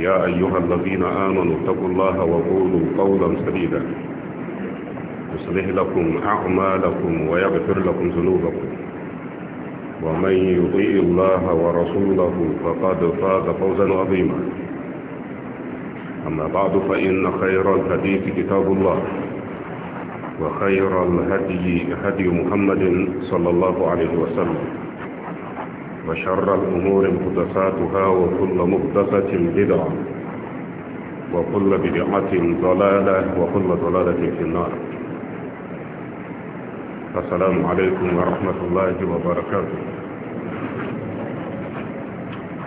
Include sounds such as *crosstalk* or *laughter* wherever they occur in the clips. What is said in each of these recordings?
يا أيها الذين آمنوا اتقوا الله وقولوا قولا سديدا يصلح لكم أعمالكم ويغفر لكم ذنوبكم ومن يطيع الله ورسوله فقد فاز فوزا عظيما أما بعد فإن خير الحديث كتاب الله وخير الهدي هدي محمد صلى الله عليه وسلم وشر الأمور مهدساتها وكل مهدسة بدعة وكل بدعة ضلالة وكل ضلالة في النار السلام عليكم ورحمة الله وبركاته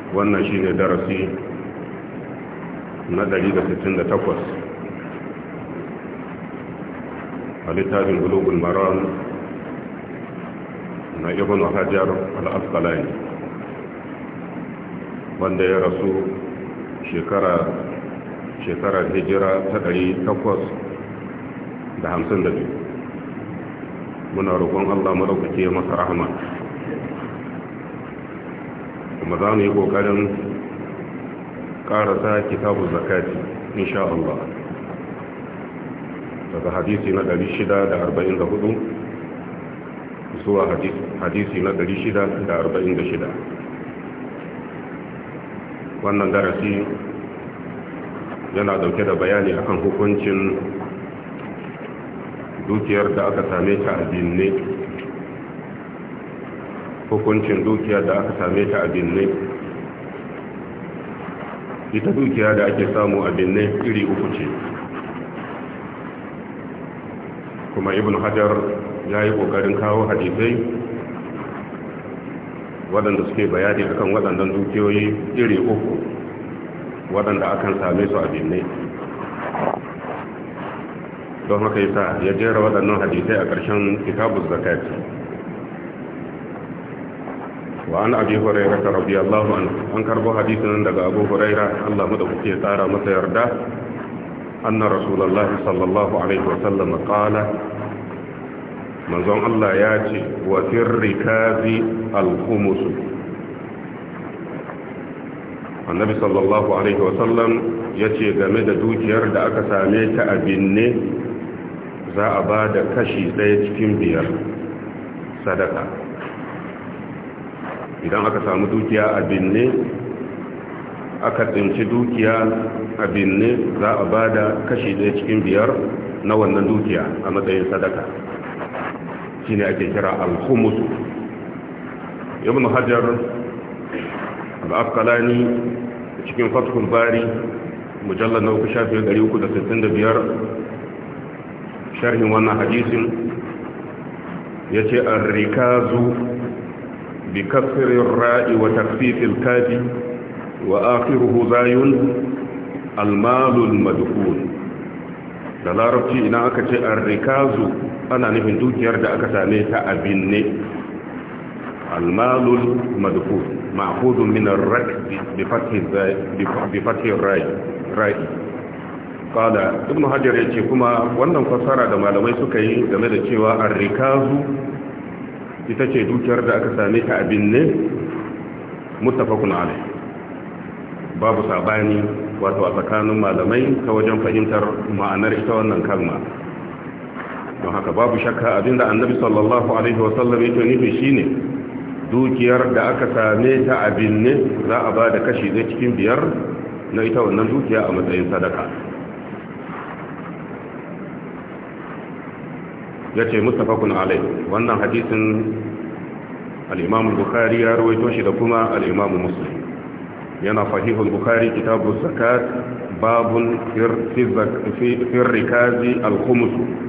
wannan shi ne darasi na 168 a littafin gulubin maran na ibn hajar al'asqalani wanda ya rasu shekarar hijira ta ɗari takwas da hamsin da biyu muna roƙon allah maɗaukake masa rahama kuma za mu yi ƙoƙarin ƙarasa kitabun zakati insha allah daga hadisi na ɗari shida da da hudu zuwa hadisi na ɗari shida da da shida. wannan darasi yana dauke da bayani akan hukuncin dukiyar da aka same ta a binne hukuncin dukiyar da aka same ta a binne ita dukiya da ake samu a binne iri uku ce kuma ibn hajar ya yi ƙoƙarin kawo hadisai waɗanda suke bayani akan waɗannan dukiyoyi iri uku waɗanda akan same su a binne don haka yasa ya jera waɗannan hadisai a ƙarshen kitabu zakat wa an abi hurairah radiyallahu anhu an karbo hadisin daga abu hurairah Allah madaukake ya tsara masa yarda anna rasulullahi sallallahu alaihi wasallam qala manzon Allah ya ce wa firrikazi al-khumus annabi sallallahu alaihi wasallam ya ce game da dukiyar da aka same ta a binne za a ba da kashi ɗaya cikin biyar sadaka idan aka samu dukiya a binne aka tsinci dukiya a binne za a ba da kashi ɗaya cikin biyar na wannan dukiya a matsayin sadaka shine ake kira al-khumus ibn hajar al cikin fathul bari mujallal na 365 sharhin wannan hadisin yace ar-rikazu bi kasri ar-ra'i wa takhfif kafi wa akhiruhu zayun al-mal da larabci ina aka ce an rikazu ana nufin dukiyar da aka same ta abin ne almalul madhu ma'khudun min ar bi fathi bi fathi rai rai qala ibn hajar yace kuma wannan fassara da malamai suka yi game da cewa ar-rikazu ita ce dukiyar da aka same ta abin ne muttafaqun alayh babu sabani wato a tsakanin malamai ta wajen fahimtar ma'anar ita wannan kalma don haka babu shakka abinda annabi sallallahu alaihi wasallam yake nufi shine dukiyar da aka same ta abin ne za a ba da kashi ɗaya cikin biyar na ita wannan dukiya a matsayin sadaka ya ce mustapha kun alai wannan hadisin al'imamun bukari ya ruwaito shi da kuma al'imamun musulun yana fahihun bukari kitabun zakat babun firrikazi alkumusu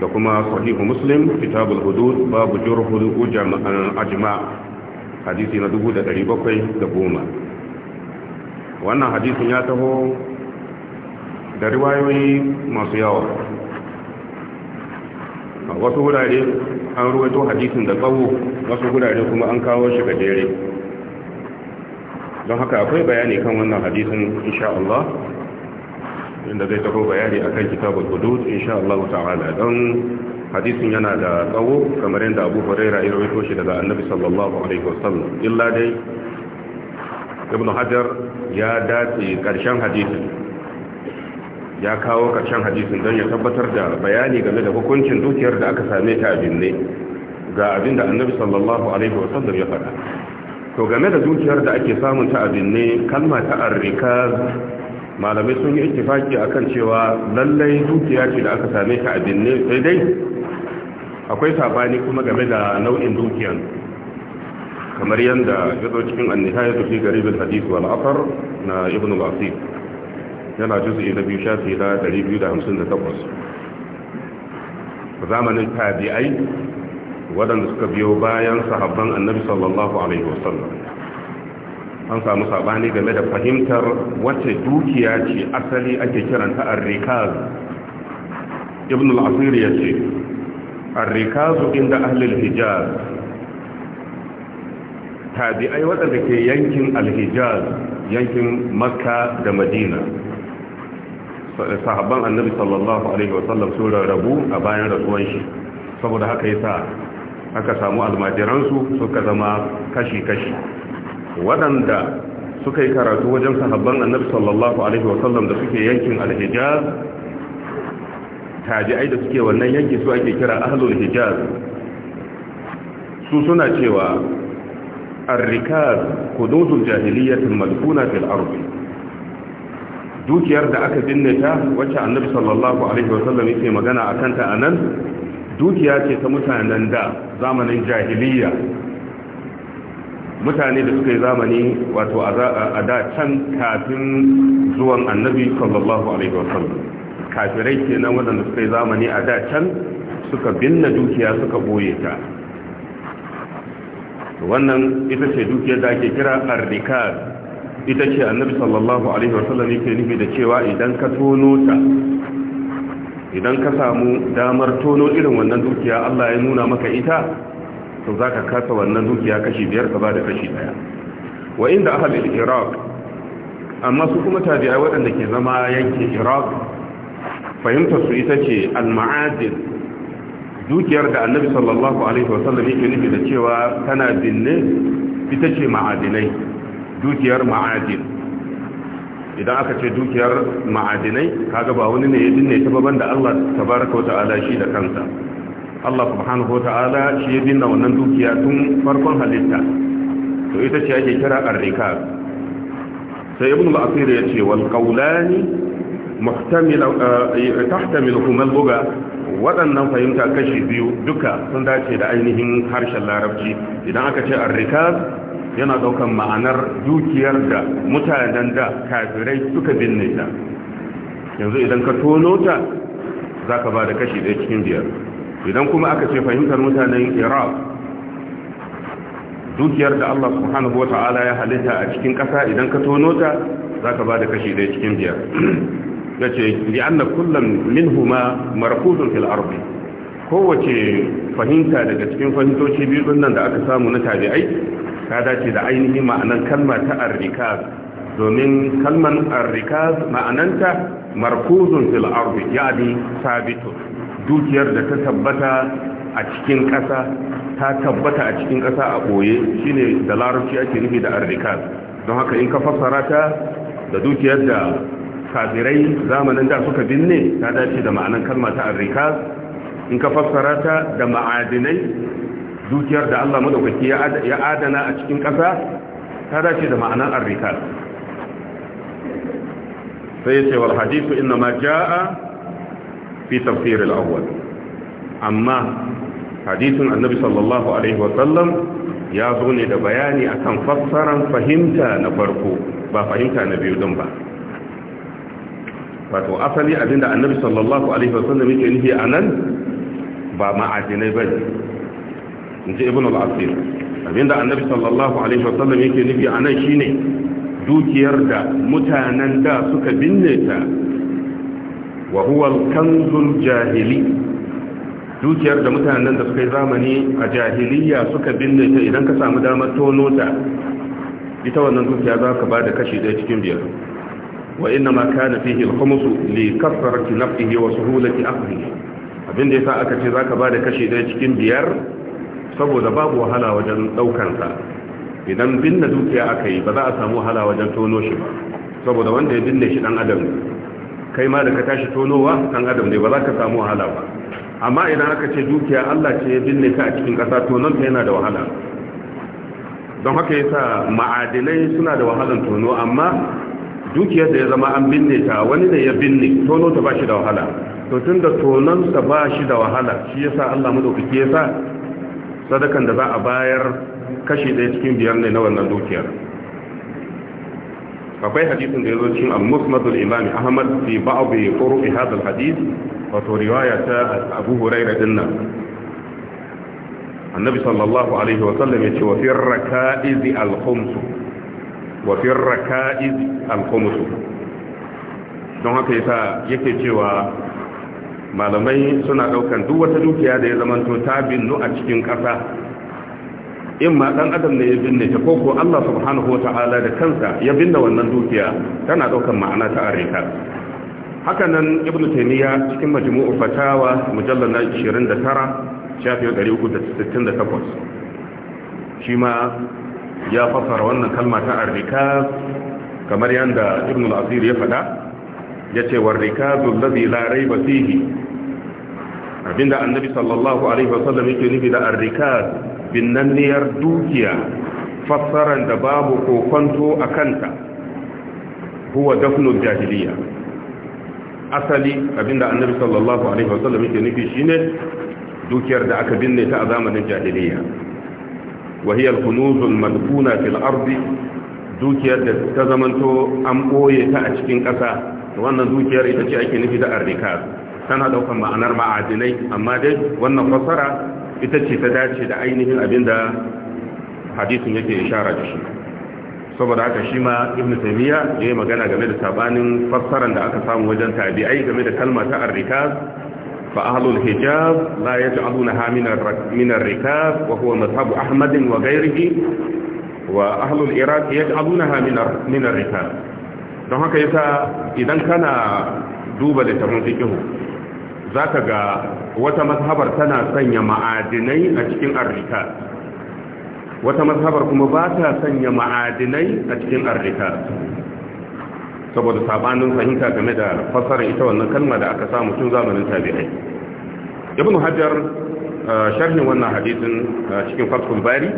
da kuma sahihu muslim kitabul hudud babu jurhul ajma hadisi na 1710 wannan hadisin ya taho da riwayoyi masu yawa a wasu wurare an ruwaito hadisin da tsawo wasu wurare kuma an kawo shi gajere don haka akwai bayani kan wannan hadisin insha Allah inda zai taho bayani akan kitabul hudud insha Allah ta'ala don hadisin yana da tsawo kamar yadda Abu Huraira ya rawaito shi daga Annabi sallallahu alaihi wasallam illa dai Ibn Hajar ya dace karshen hadisin ya kawo karshen hadisin don ya tabbatar da bayani game da hukuncin dukiyar da aka same ta abin ne ga abin da Annabi sallallahu alaihi wasallam ya faɗa to game da dukiyar da ake samun ta abin ne kalma ta arrikaz malamai sun yi ittifaki akan cewa lallai dukiya ce da aka same ta a binne sai dai akwai sabani kuma game da nau'in dukiyan kamar yadda ya zo cikin annihaya ya tafi garibin hadis hadisu al'afar na ibn basir yana juzu na biyu sha shafi na 258 zamanin tabi'ai waɗanda suka biyo bayan sahabban annabi sallallahu alaihi wasallam an samu sabani game da fahimtar wacce dukiya ce asali ake kiranta arrikaz ibn al-asir ya ce arrikaz inda ahlul hijaz tabi'ai wadanda ke yankin al-hijaz yankin makka da madina sahabban annabi sallallahu alaihi wasallam sun rabu a bayan rasuwan shi saboda haka yasa aka samu almajiransu suka zama kashi-kashi waɗanda suka yi karatu wajen sahabban annabi sallallahu alaihi wasallam da suke yankin al-hijaz tabi'ai da suke wannan yanki su ake kira ahlul hijaz su suna cewa arrikaz hududul jahiliyyatin madfuna fil ardi dukiyar da aka binne ta wacce annabi sallallahu alaihi wasallam yake magana akan ta anan dukiya ce ta mutanen da zamanin jahiliyya mutane da suka yi zamani wato a da can kafin zuwan annabi sallallahu alaihi wasallam kafirai kenan waɗanda suka yi zamani a da can suka binne dukiya suka boye ta wannan ita ce dukiyar da ake kira arrikar ita ce annabi sallallahu alaihi wasallam yake nufi da cewa idan ka tono ta idan ka samu damar tono irin wannan dukiya Allah ya nuna maka ita to za ka kasa wannan dukiya kashi biyar ka ba da kashi daya wa inda ahalin iraq amma su kuma tabi'a waɗanda ke zama yankin iraq fahimtar su ita ce al-ma'adin dukiyar da annabi sallallahu alaihi wasallam yake nufi da cewa tana binne ita ce ma'adinai dukiyar ma'adin idan aka ce dukiyar ma'adinai kaga ba wani ne ya binne ta baban banda Allah tabaraka wa ta'ala shi da kansa Allah subhanahu wa ta'ala shi ya binna wannan dukiya tun farkon halitta to ita ce ake kira arrika sai ibn al-asir ya ce wal qawlani muhtamil eh, tahtamil huma al-lugha waɗannan fahimta kashi biyu duka sun dace da ainihin harshen larabci idan aka ce arrikaz yana daukan ma'anar dukiyar da mutanen da kafirai suka binne ta yanzu idan ka tono ta zaka ba da kashi ɗaya cikin biyar idan kuma aka ce fahimtar mutanen iraq dukiyar da allah subhanahu wa ta'ala ya halitta a cikin ƙasa idan ka tono ta za ka ba da kashi ɗaya cikin biyar ya ce li'anna kullum min huma markutun fil kowace fahimta daga cikin fahimtoci biyu nan da aka samu na tabi'ai ta dace da ainihin ma'anan kalma ta arrikaz domin kalman arrikaz ma'ananta markuzun filarbi ya yani sabitun dukiyar da ta tabbata a cikin ƙasa ta tabbata a cikin ƙasa a ɓoye shine da larabci ake nufi da arrikas don haka in ka fassara ta da dukiyar da kafirai zamanin da suka binne ta dace da ma'anar kalma ta arrikas in ka fassara ta da ma'adinai dukiyar da Allah madaukaki ya adana a cikin ƙasa ta dace da ma'anar arrikas sai ya ce wal hadisu inna ma ja'a fi tafsir al-awwal amma hadisin annabi sallallahu alaihi wa sallam ya zo ne da bayani akan fassaran fahimta na farko ba fahimta na biyu ba wato asali abinda annabi sallallahu alaihi wa sallam yake nufi anan ba ma'adinai bane inji ibn al-asir abinda annabi sallallahu alaihi wa sallam shine dukiyar da mutanen da suka binne ta wa huwa al-kanzul jahili dukiyar da mutanen da suka yi zamani a jahiliya suka binne ta idan ka samu damar tono ta ita wannan dukiya za ka ba da kashi ɗaya cikin biyar wa inna ma kana fihi al-khums li kasrati nafsihi wa suhulati aqlihi abinda yasa aka ce ka ba da kashi ɗaya cikin biyar saboda babu wahala wajen ɗaukar sa idan binne dukiya aka yi ba za a samu wahala wajen tono shi ba saboda wanda ya binne shi dan adam kai ma da ka tashi tonowa kan adam ne ba za ka samu wahala ba amma idan aka ce dukiya Allah ce ya binne ka a cikin ƙasa tonon ta yana da wahala don haka yasa ma'adinai suna da wahalan tono amma dukiyar da ya zama an binne ta wani ne ya binne tono ta ba shi da wahala to tun da tonon ta ba shi da wahala shi yasa Allah mu dauki yasa sadakan da za a bayar kashi ɗaya cikin biyar ne na wannan dukiyar akwai hadisin da ya zo cikin al-musnadul imam ahmad fi ba'd turuq hadha al-hadith wato riwaya ta abu hurairah din nan annabi sallallahu alaihi wa sallam yace wa fi rakaiz al-khums wa fi rakaiz al-khums don haka yasa yake cewa malamai suna daukan duk wata dukiya da ya zamanto ta binnu a cikin kasa in ma dan adam ne ya binne ta ko ko Allah subhanahu wataala da kansa ya binne wannan dukiya tana daukar ma'ana ta areka haka nan ibnu taymiya cikin majmu'u fatawa mujallal na 29 shafi 368 shi ma ya fassara wannan kalma ta arika kamar yanda ibnu al-asir ya fada yace warrikazu allazi la rayba fihi abinda annabi sallallahu alaihi wasallam yake nufi da arrikaz binnanniyar dukiya fassarar da babu kokonto a kanta huwa dafnul jahiliya asali abinda annabi sallallahu alaihi wasallam yake nufi shine dukiyar da aka binne ta a zamanin jahiliya wa hiya al-kunuz fil dukiyar da ta zamanto an boye ta a cikin ƙasa wannan dukiyar ita ce ake nufi da arrikas tana daukan ma'anar ma'adinai amma dai wannan fassara. ita ce ta dace da ainihin abinda hadisin yake ishara da shi saboda haka shi ma ibn taymiya ya yi magana game da sabanin fassarar da aka samu wajen tabi'ai game da kalmar ta ar-rikaz fa ahlul hijab la yaj'alunaha min ar-rikaz wa huwa madhhab ahmad wa ghayrihi wa ahlul iraq yaj'alunaha min ar-rikaz don haka yasa idan kana duba littafin fiqh za ka ga wata mazhabar tana sanya ma'adinai a cikin arrika wata mazhabar kuma ba ta sanya ma'adinai a cikin arrika saboda sabanin fahimta game da fasarar ita wannan kalma da aka samu tun zamanin tabi'ai ibn hajar uh, sharhin wannan hadisin uh, cikin fathul bari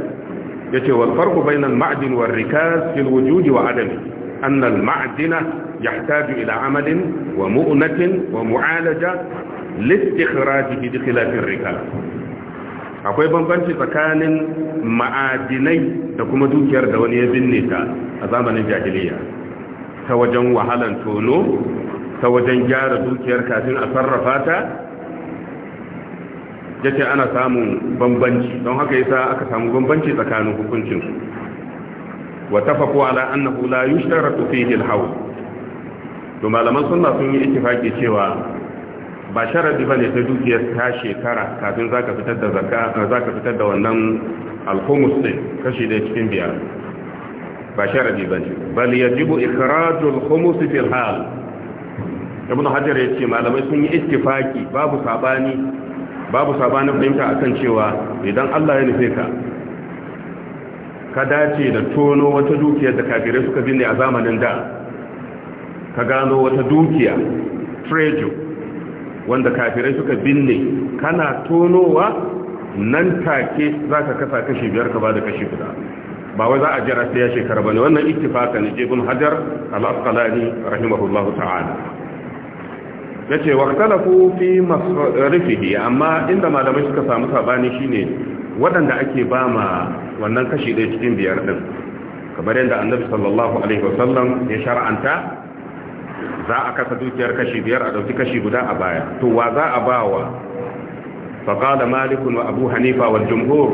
yace wal farqu bainal ma'din war Rikas fil wujudi wa adami أن ila Amadin? Wa عمل Wa mu'alaja listikhrajihi bi khilafir rikal akwai bambanci tsakanin ma'adinai da kuma dukiyar da wani ya binne ta a zamanin jahiliya ta wajen wahalan tono ta wajen gyara dukiyar kafin a sarrafa ta yace ana samun bambanci don haka yasa aka samu bambanci tsakanin hukuncin su wa tafaqu ala annahu la yushtaratu fihi al-hawl to malaman sunna sun yi ittifaki cewa ba sharadi bane ta dukiyar ta shekara kafin zaka fitar da zakka eh, zaka fitar da wannan al din kashi da cikin biyar ba sharadi bane bal yajibu ikhrajul khumus fil hal ibn hajar ce malamai sun yi ittifaki babu sabani babu sabanin fahimta akan cewa idan Allah ya nufe ka ka dace da tono wata dukiyar da kafirai suka binne a zamanin da ka gano wata dukiya trejo wanda kafirai suka binne kana tonowa nan take za ka kasa kashi biyar ka ba da kashi guda ba wai za a jira sai ya shekara ne wannan ittifaka ne ibn hajar al-asqalani rahimahullahu ta'ala yace waqtalafu fi masrifihi amma inda malamai suka samu sabani shine waɗanda ake ba ma wannan kashi ɗaya cikin biyar din kamar yadda annabi sallallahu alaihi wasallam ya shar'anta za a kasa dukiyar kashi biyar a dauki kashi guda a baya to wa za a wa fa qala malik wa abu hanifa wal jumhur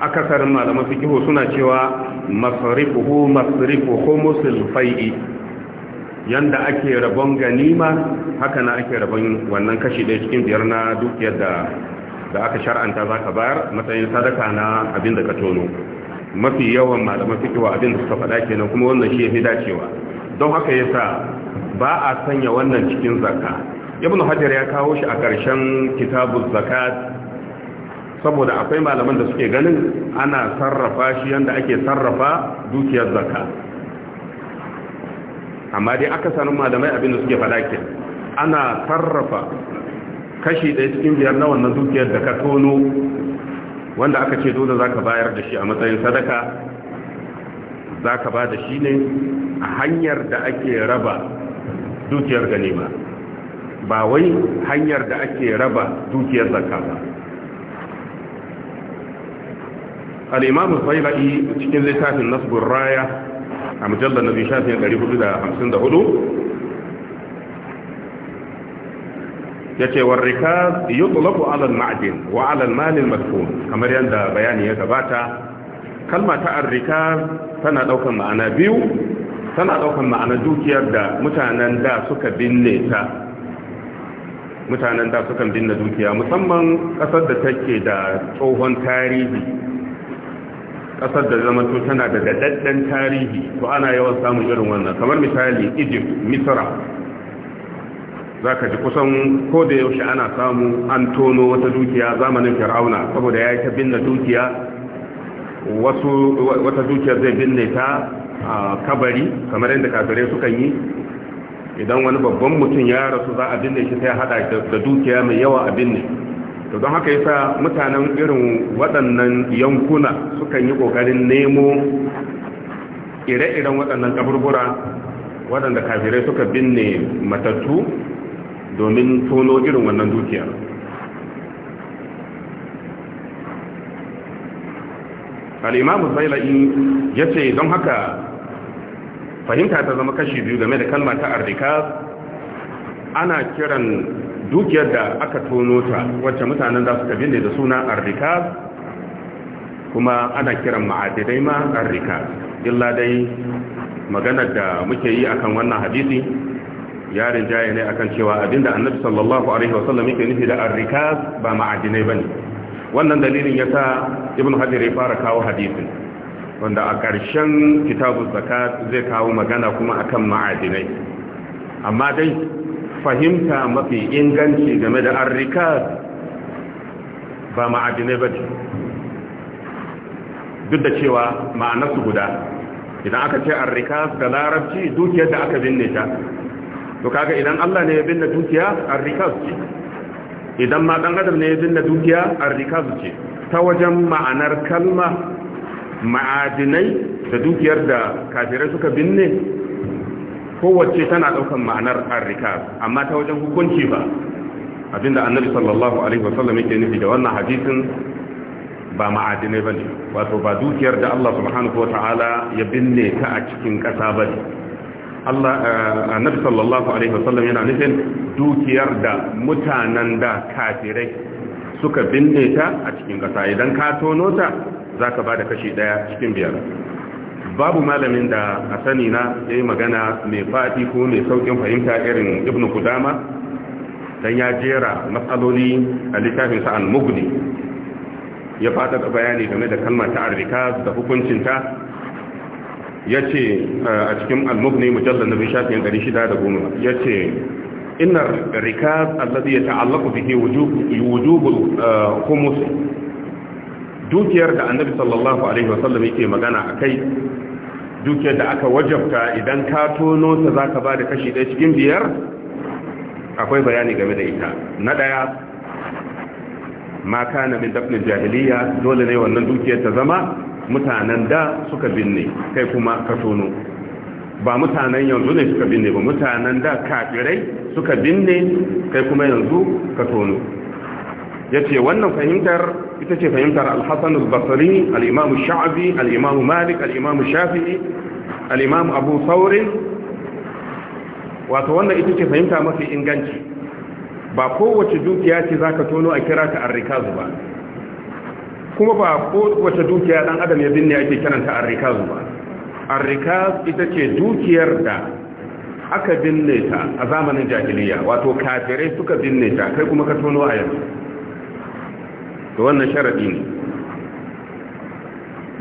akasarin malaman fikihu suna cewa masrifuhu masrifu khumusil fai'i yanda ake rabon ganima haka na ake rabon wannan kashi ɗaya cikin biyar na dukiyar da da aka shar'anta zaka bayar matsayin sadaka na abin da ka tono mafi yawan malaman fikihu abin da suka faɗa kenan kuma wannan shi ya fi dacewa don haka yasa ba a sanya wannan cikin zaka ibn hajar ya kawo shi a ƙarshen kitabun zakat saboda akwai malaman da suke ganin ana sarrafa shi yanda ake sarrafa dukiyar zaka amma dai aka sanin malamai abin da suke faɗa ke ana sarrafa kashi ɗaya cikin biyar na wannan dukiyar da ka tono wanda aka ce dole za ka bayar da shi a matsayin sadaka za ka ba da shi ne a hanyar da ake raba dukiyar ganima ba wai hanyar da ake raba dukiyar zakka ba al-imam faylai cikin littafin nasbur raya a mujallar nabi shafin 454 ya ce warrika yi tsulaku alal ma'adin wa alal malin matukun, kamar yadda bayani ya gabata kalma ta arrika tana daukan ma'ana biyu tana daukan ma'ana dukiyar da mutanen da suka binne ta mutanen da suka binne dukiya musamman kasar da take da tsohon tarihi kasar da to tana da dadaddan tarihi to ana yawan samun irin wannan kamar misali Egypt Misra za ji kusan ko da yaushe ana samu an tono wata dukiya zamanin fir'auna saboda ya yi ta binne dukiya wasu wata dukiyar zai binne ta A kabari kamar yadda kafirai suka yi idan wani babban mutum ya rasu za a binne shi sai hada da dukiya mai yawa a binne to don haka yasa mutanen irin waɗannan yankuna sukan yi ƙoƙarin nemo ire-iren waɗannan kaburbura waɗanda kafirai suka binne matattu domin tono irin wannan dukiya. al'imamu zaila'i ya ce don haka fahimta ta zama kashi biyu game da kalma ta arrikaz ana kiran dukiyar da aka tono ta wacce mutanen za su tabi ne da suna arrikaz kuma ana kiran ma'adidai ma arrikaz illa dai maganar da muke yi akan wannan hadisi yarin jaye ne akan cewa abinda annabi sallallahu alaihi wasallam yake nufi da arrikaz ba ma'adinai bane wannan dalilin yasa ibnu hajar ya fara kawo hadisin wanda a ƙarshen kitabu zaka zai kawo magana kuma akan ma'adinai amma dai fahimta mafi inganci game da arrika ba ma'adinai ba ce duk da cewa ma'anarsu guda idan aka ce arrika da larabci dukiyar da aka binne ta to kaga idan Allah ne ya binne dukiya arrika ce idan ma dan adam ne ya binne dukiya arrika ce ta wajen ma'anar kalma ma'adinai da dukiyar da kafirai suka binne kowace tana daukan ma'anar arrika amma ta wajen hukunci ba abinda annabi sallallahu alaihi wasallam yake nufi da wannan hadisin ba ma'adinai bane wato ba dukiyar da Allah subhanahu wataala ya binne ta a cikin kasa bane Allah eh, annabi sallallahu alaihi wasallam yana nufin dukiyar da mutanen da kafirai suka binne ta a cikin kasa idan ka tono ta za ka ba da kashi ɗaya cikin biyar babu malamin da a sani na ya yi magana mai faɗi ko mai sauƙin fahimta irin ibn kudama don ya jera matsaloli a littafinsa al ya faɗaɗa bayani game da kalmar ta'arrika da hukuncinta ya ce eh, a cikin al-mughni mujallar na da goma. ya ce inar rikaz allazi ya ta'allaku bihi wujubul eh, khumus dukiyar da annabi sallallahu alaihi wasallam yake magana akai dukiyar da aka wajabta idan ka tono ta zaka ka ba da kashi ɗaya cikin biyar akwai bayani game da ita na ɗaya ma kana min dafnin jahiliya dole ne wannan dukiyar ta zama mutanen da suka binne kai kuma ka tono ba mutanen yanzu ne suka binne ba mutanen da kafirai suka binne kai kuma yanzu ka tono yace wannan fahimtar ita ce fahimtar al-hasan al-basri al-imam sha'bi al-imam malik al-imam shafi'i al-imam abu thawr wato wannan ita ce fahimta mafi inganci ba kowace dukiya ce zaka tono a kira ta ar-rikaz ba kuma ba kowace dukiya dan adam ya binne ake kiranta ar-rikaz ba ar-rikaz ita ce dukiyar da aka binne ta a zamanin jahiliya wato kafirai suka binne ta kai kuma ka tono a yanzu to wannan sharadi ne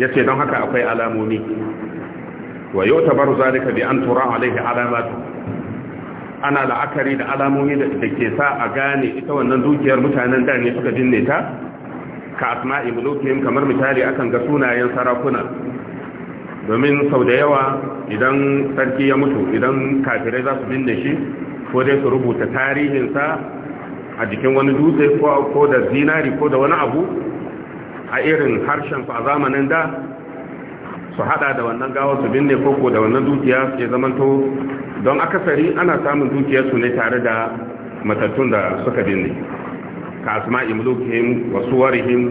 yace don haka akwai alamomi wa yutabaru zalika bi an tura alaihi alamatu ana la'akari da alamomi da ke sa a gane ita wannan dukiyar mutanen da ne suka binne ta ka asma'i mulukihim kamar misali akan ga sunayen sarakuna domin sau da yawa idan sarki ya mutu idan kafirai za su binne shi ko dai su rubuta tarihinsa a jikin wani dutse ko da zinari ko da wani abu a irin harshen fa zamanin da su hada da wannan gawa su binne koko da wannan dukiya ke zamanto don akasari ana samun dukiyar su ne tare da matattun da suka binne ka asma imlukihim wa suwarihim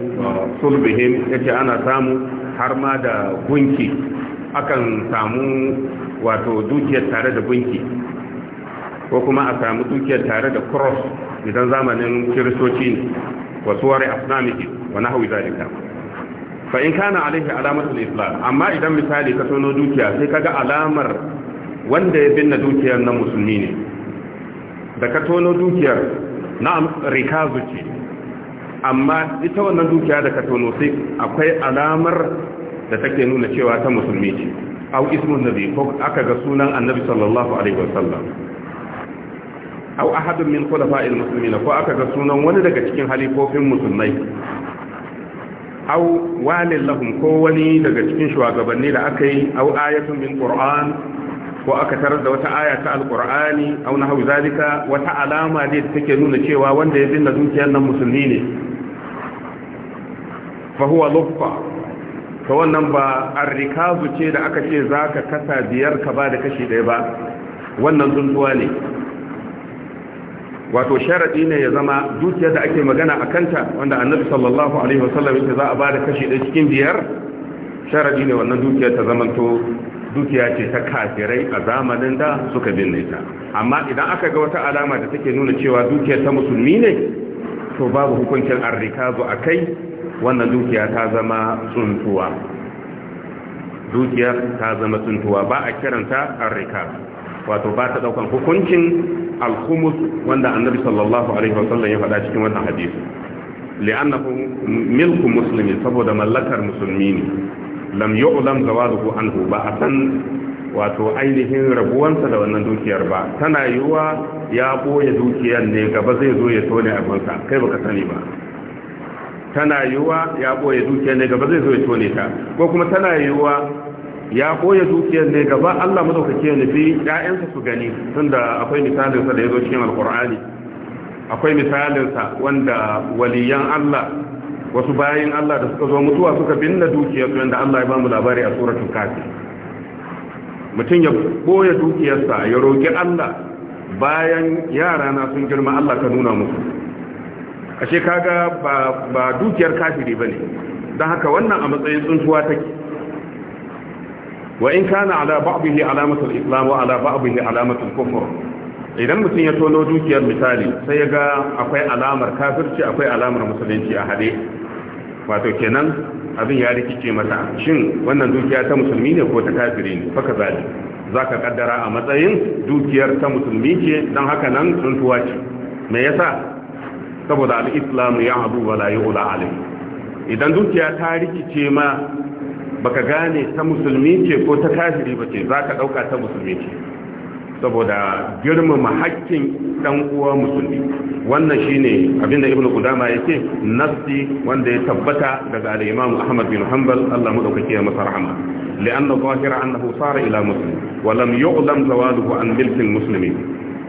sulbihim yace ana samu har ma da gunki akan samu wato dukiyar tare da gunki ko kuma a samu dukiyar tare da cross idan zamanin kiristoci ne wa suwar asnamihi wa nahwi zalika fa in kana alaihi alamatul islam amma idan misali ka tono dukiya sai kaga alamar wanda ya binne dukiyar nan musulmi ne da ka tono dukiyar na rika ce amma ita wannan dukiya da ka tono sai akwai alamar da take nuna cewa ta musulmi ce au ismun nabi ko aka ga sunan annabi sallallahu alaihi wasallam aw ahadun min khulafa'il muslimin ko aka ga sunan wani daga cikin halifofin musulmai aw walil lahum ko wani daga cikin shugabanni da aka yi aw ayatun min qur'an ko aka tarar da wata aya ta alqur'ani aw nahwu zalika wata alama ne da take nuna cewa wanda ya binne dukiyar nan musulmi ne fa huwa lufa to wannan ba arrikazu ce da aka ce zaka kasa biyar ka ba da kashi daya ba wannan tsuntuwa ne wato sharadi ne ya zama dukiyar da ake magana a kanta wanda annabi sallallahu alaihi wasallam yake za a ba da kashi ɗaya cikin biyar sharadi ne wannan dukiyar ta zamanto dukiya ce ta kafirai a zamanin da suka binne ta amma idan aka ga wata alama da take nuna cewa dukiyar ta musulmi ne to babu hukuncin arrikazu a kai wannan dukiya ta zama tsuntuwa dukiyar ta zama tsuntuwa ba a kiranta arrika wato ba ta daukan hukuncin al wanda annabi sallallahu alaihi wa sallam ya faɗa cikin wannan hadisi li'annahu milku muslimin saboda mallakar musulmi ne lam yu'lam zawaduhu anhu ba a san wato ainihin rabuwansa da wannan dukiyar ba tana yiwuwa ya boye dukiyar ne gaba zai zo ya tone abinsa kai baka sani ba tana yiwuwa ya boye dukiyar ne gaba zai zo ya tone ta ko kuma tana yiwuwa ya koya dukiyar ne gaba Allah mazaukake ya nufi yayansa su gani tunda akwai misalinsa da ya zo cikin alkur'ani akwai misalinsa wanda waliyan Allah wasu bayan Allah da suka zo mutuwa suka binne dukiyar su Allah ya ba mu labari a suratun kafin mutum ya koya dukiyarsa ya roƙi Allah bayan yara na sun girma Allah ka nuna musu ashe kaga ba dukiyar kafiri ba ne don haka wannan a matsayin tsuntuwa take wa in kana ala ba'dihi alamatul islam wa ala ba'dihi alamatul kufr idan mutum ya tono dukiyar misali sai ya ga akwai alamar kafirci akwai alamar musulunci a hade wato kenan abin ya rikice mata shin wannan dukiya ta musulmi ne ko ta kafiri ne faka zali za ka kaddara a matsayin dukiyar ta musulmi ce don haka nan tuntuwa ce me yasa saboda al'islamu ya habu wa layi ula alai idan dukiya ta rikice ma baka gane ta musulmi ce ko ta kafiri ba ce za ka ɗauka ta musulmi ce saboda girmama hakkin ɗan uwa musulmi wannan shine abinda ibn qudama yake nafsi wanda ya tabbata daga al-imam ahmad bin hanbal Allah madaukake ya masa rahama li'anna zahira annahu sara ila muslim wa lam yu'lam zawaluhu an milk al-muslimin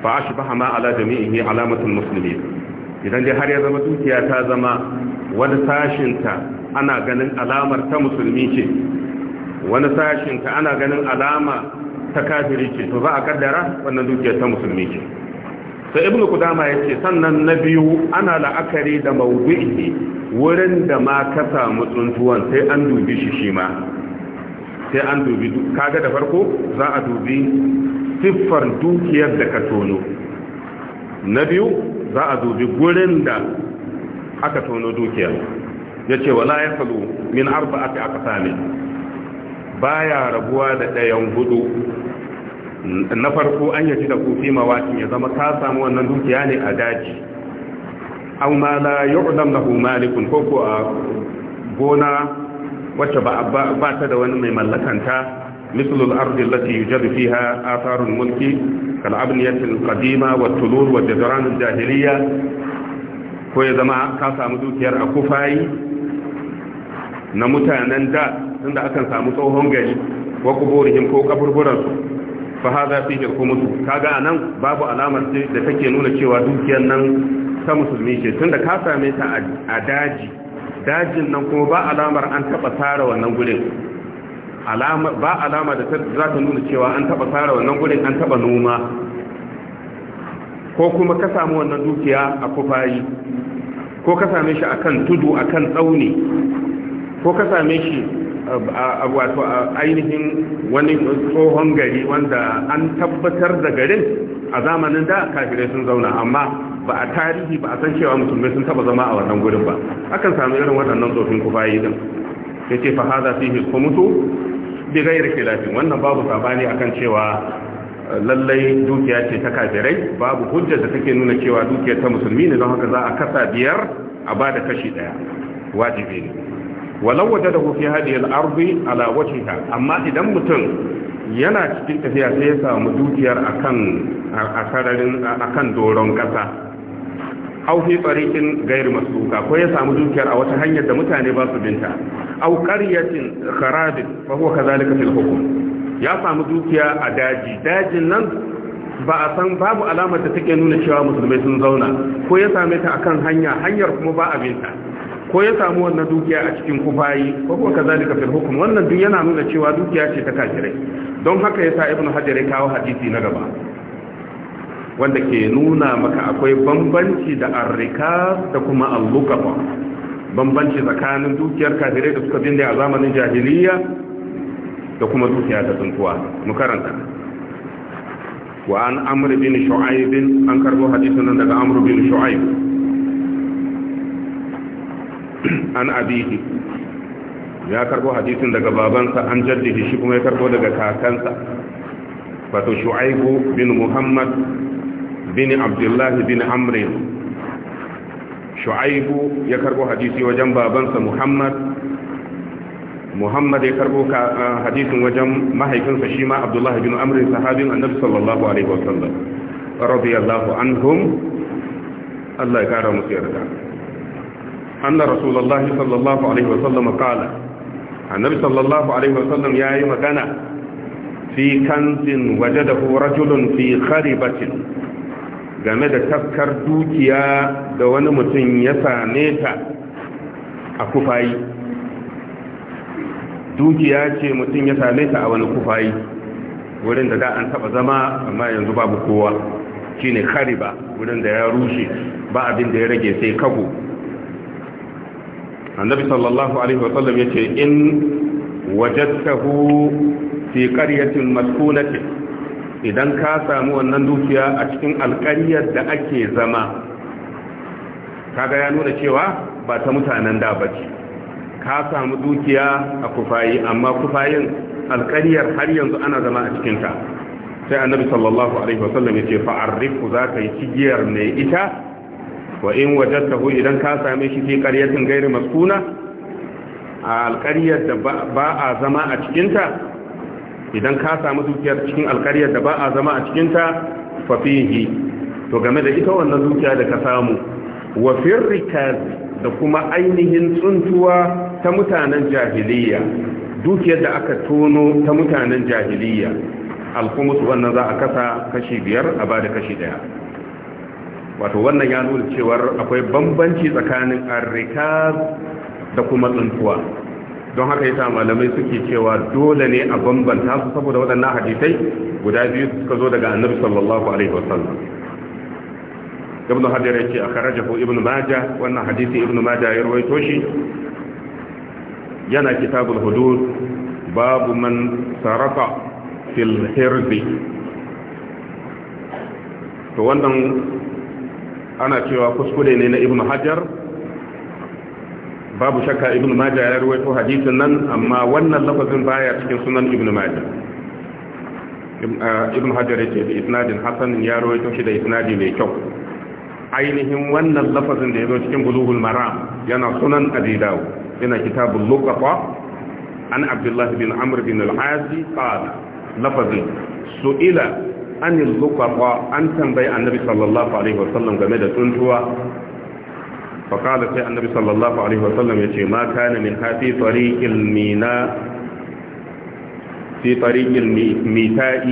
fa ashbaha ma ala jami'ihi alamat muslimin idan dai har ya zama dukiya ta zama wani sashinta ana ganin alamar ta musulmi ce wani sashinta ana ganin alama ta kafiri ce to za a kaddara wannan dukiya ta musulmi ce sai ibnu kudama ya ce sannan na biyu ana la'akari da mawdu'i wurin da ma ka samu tsuntuwan sai an dubi shi shi ma sai an dubi kaga da farko za a dubi siffar dukiyar da ka tono na biyu za a dubi gurin da aka tono dukiyar ya ce wala ya falo, min arba aka aka sami baya rabuwa da ɗayan hudu na farko an yaji da kufi mawakin ya zama ka samu wannan dukiya ne a daji an ma la yi lahu malikun ko koko a gona wacce ba ta da wani mai mallakanta مثل الأرض التي يوجد فيها آثار الملك كالأبنية القديمة والتلور والجدران الجاهلية كوي زما كاسا مدوكير أكوفاي نموتا نندا نندا أكن سامسو هنجي وقبورهم كو قبر برسو فهذا فيه الخمس كاغا نان باب علامة da take nuna cewa dukiyar nan ta musulmi ce tunda ka same ta a daji dajin nan kuma ba alamar an taba tara wannan gurin ba alama da za ta nuna cewa an taba fara wannan gurin an taba noma ko kuma ka samu wannan dukiya a kufayi ko ka same shi akan tudu akan tsauni ko ka same shi a wato a ainihin wani tsohon gari wanda an tabbatar da garin a zamanin da kafirai sun zauna amma ba a tarihi ba a san cewa musulmai sun taba zama a wannan gurin ba akan samu irin waɗannan tsofin kufayi din ya ce fa haza fihi kumutu bi gairi khilafin wannan babu sabani akan cewa lallai dukiya ce ta kafirai babu hujjar da take nuna cewa dukiyar ta musulmi ne don haka za a kasa biyar a bada kashi daya wajibi ne walau waje da hufi hadi arzi ala wajiha amma idan mutum yana cikin tafiya sai ya samu dukiyar a sararin akan doron kasa aw fi tariqin ghayr masluka ko ya samu dukiyar a wata hanyar da mutane ba su binta aw qaryatin kharabin fa huwa kadhalika fil hukm ya samu dukiya a daji dajin nan ba a san babu alamar da take nuna cewa musulmai sun zauna ko ya same ta akan hanya hanyar kuma ba a binta ko ya samu wannan dukiya a cikin kufayi ko kuma kadhalika fil hukm wannan duk yana nuna cewa dukiya ce ta kafirai don haka yasa ibnu hajar ya kawo hadisi na gaba wanda ke nuna maka akwai bambanci da arrika da kuma al-lukafa bambanci tsakanin dukiyar kafirai da suka binne a zamanin jahiliya da kuma dukiya ta tuntuwa mu karanta wa an amr bin shu'aib an karbo hadisin nan daga amr bin shu'aib an abihi ya karbo hadisin daga babansa an jaddidi shi kuma ya karbo daga kakansa wato shu'aibu bin muhammad بن عبد الله بن عمرو شعيب يكربو حديثي وجم بابن محمد محمد يكربو آه، حديث وجم ما هيكن فشيما عبد الله بن عمرو صحابي النبي صلى الله عليه وسلم رضي الله عنهم الله يكرم سيرك أن رسول الله صلى الله عليه وسلم قال النبي صلى الله عليه وسلم يا أيها في كنز وجده رجل في خريبة game da tafkar dukiya da wani mutum ya same ta a kufayi dukiya ce mutum ya same ta a wani kufayi wurin da da an taba zama amma yanzu babu kowa shine khariba wurin da ya rushe ba abin da ya rage sai kago annabi sallallahu alaihi wasallam yace in wajadtahu fi qaryatin maskunatin idan ka samu wannan dukiya a cikin alƙaryar da ake zama kaga ya nuna cewa ba ta mutanen da ba ce ka samu dukiya a kufayi amma kufayin alkaryar har yanzu ana zama a cikinta sai annabi sallallahu alaihi wasallam ya ce fa'arrifu za ka yi cigiyar mai ita wa in wajattahu idan ka same shi fi ƙaryatin gairi maskuna a alƙaryar da ba a zama a cikinta idan ka samu dukiyar cikin alkaryar da ba a zama a cikinta fafihi to game da ita wannan dukiya da ka samu wa firrikaz da kuma ainihin tsuntuwa ta mutanen jahiliya dukiyar da aka tono ta mutanen jahiliya alkumus wannan za a kasa kashi biyar a ba da kashi daya wato wannan ya nuna cewar akwai bambanci tsakanin arrikaz da kuma tsuntuwa don haka yasa malamai suke cewa dole ne a bambanta su saboda waɗannan hadisai guda biyu suka zo daga annabi sallallahu alaihi wasallam ibn hajar yace akhrajahu ibn majah wannan hadisi ibn maja ya rawaito shi yana kitabul hudud babu man sarafa fil hirbi to wannan ana cewa kuskure ne na ibn hajar babu shakka ibn majah ya rawaito hadisin nan amma wannan lafazin baya cikin sunan ibn majah ibn ah, hajar yake da isnadin hasan ya rawaito shi da isnadi mai kyau ainihin wannan lafazin da ya zo cikin bulughul maram yana sunan abi dawud yana kitabul luqata an abdullah bin amr bin al-azi qala lafazin su'ila an al-luqata an tambayi annabi sallallahu alaihi wasallam game da tuntuwa فقال في النبي صلى الله عليه وسلم يتي ما كان من في طريق الميناء في طريق الميتاء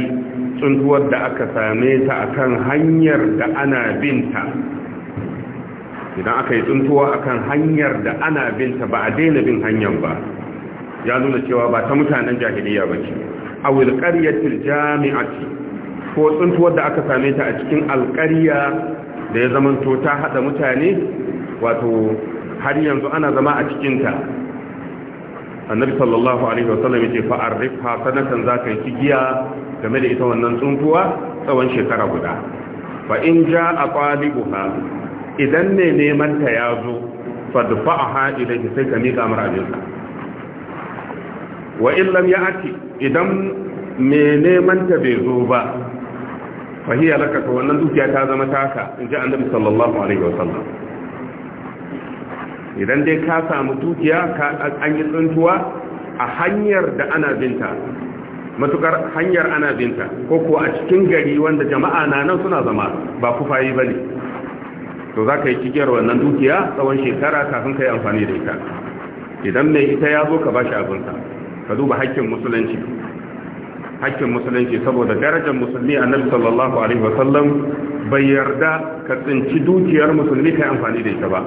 tsuntuwar da aka same ta akan hanyar da ana binta idan aka yi tsuntuwa akan hanyar da ana binta ba a daina bin hanyar ba ya nuna cewa ba ta mutanen jahiliya ba ce a ko tsuntuwar da aka same ta a cikin alƙarya da ya zamanto ta haɗa mutane wato har yanzu ana zama a cikinta annabi sallallahu alaihi wasallam yake fa'arrifha sanatan ka yi giya game da ita wannan tsuntuwa tsawon shekara guda fa in ja jaa qalibuha idan ne neman ta yazo fadfa'aha ilayhi sai ka miƙa mar abinsa wa in lam ya'ti idan me neman ta bai zo ba fa hiya laka to wannan dukiya ta zama taka in ji annabi sallallahu alaihi wasallam idan dai ka samu dukiya an yi tsuntuwa a hanyar da ana binta matukar hanyar ana binta ko kuwa a cikin gari wanda jama'a na nan suna zama ba kufayi ba ne to za ka yi cikiyar wannan dukiya tsawon shekara kafin ka yi amfani da ita idan mai ita ya zo ka ba shi abinta ka duba hakkin musulunci hakkin musulunci saboda darajar musulmi annabi sallallahu alaihi wasallam bai yarda ka tsinci dukiyar musulmi kai amfani da ita ba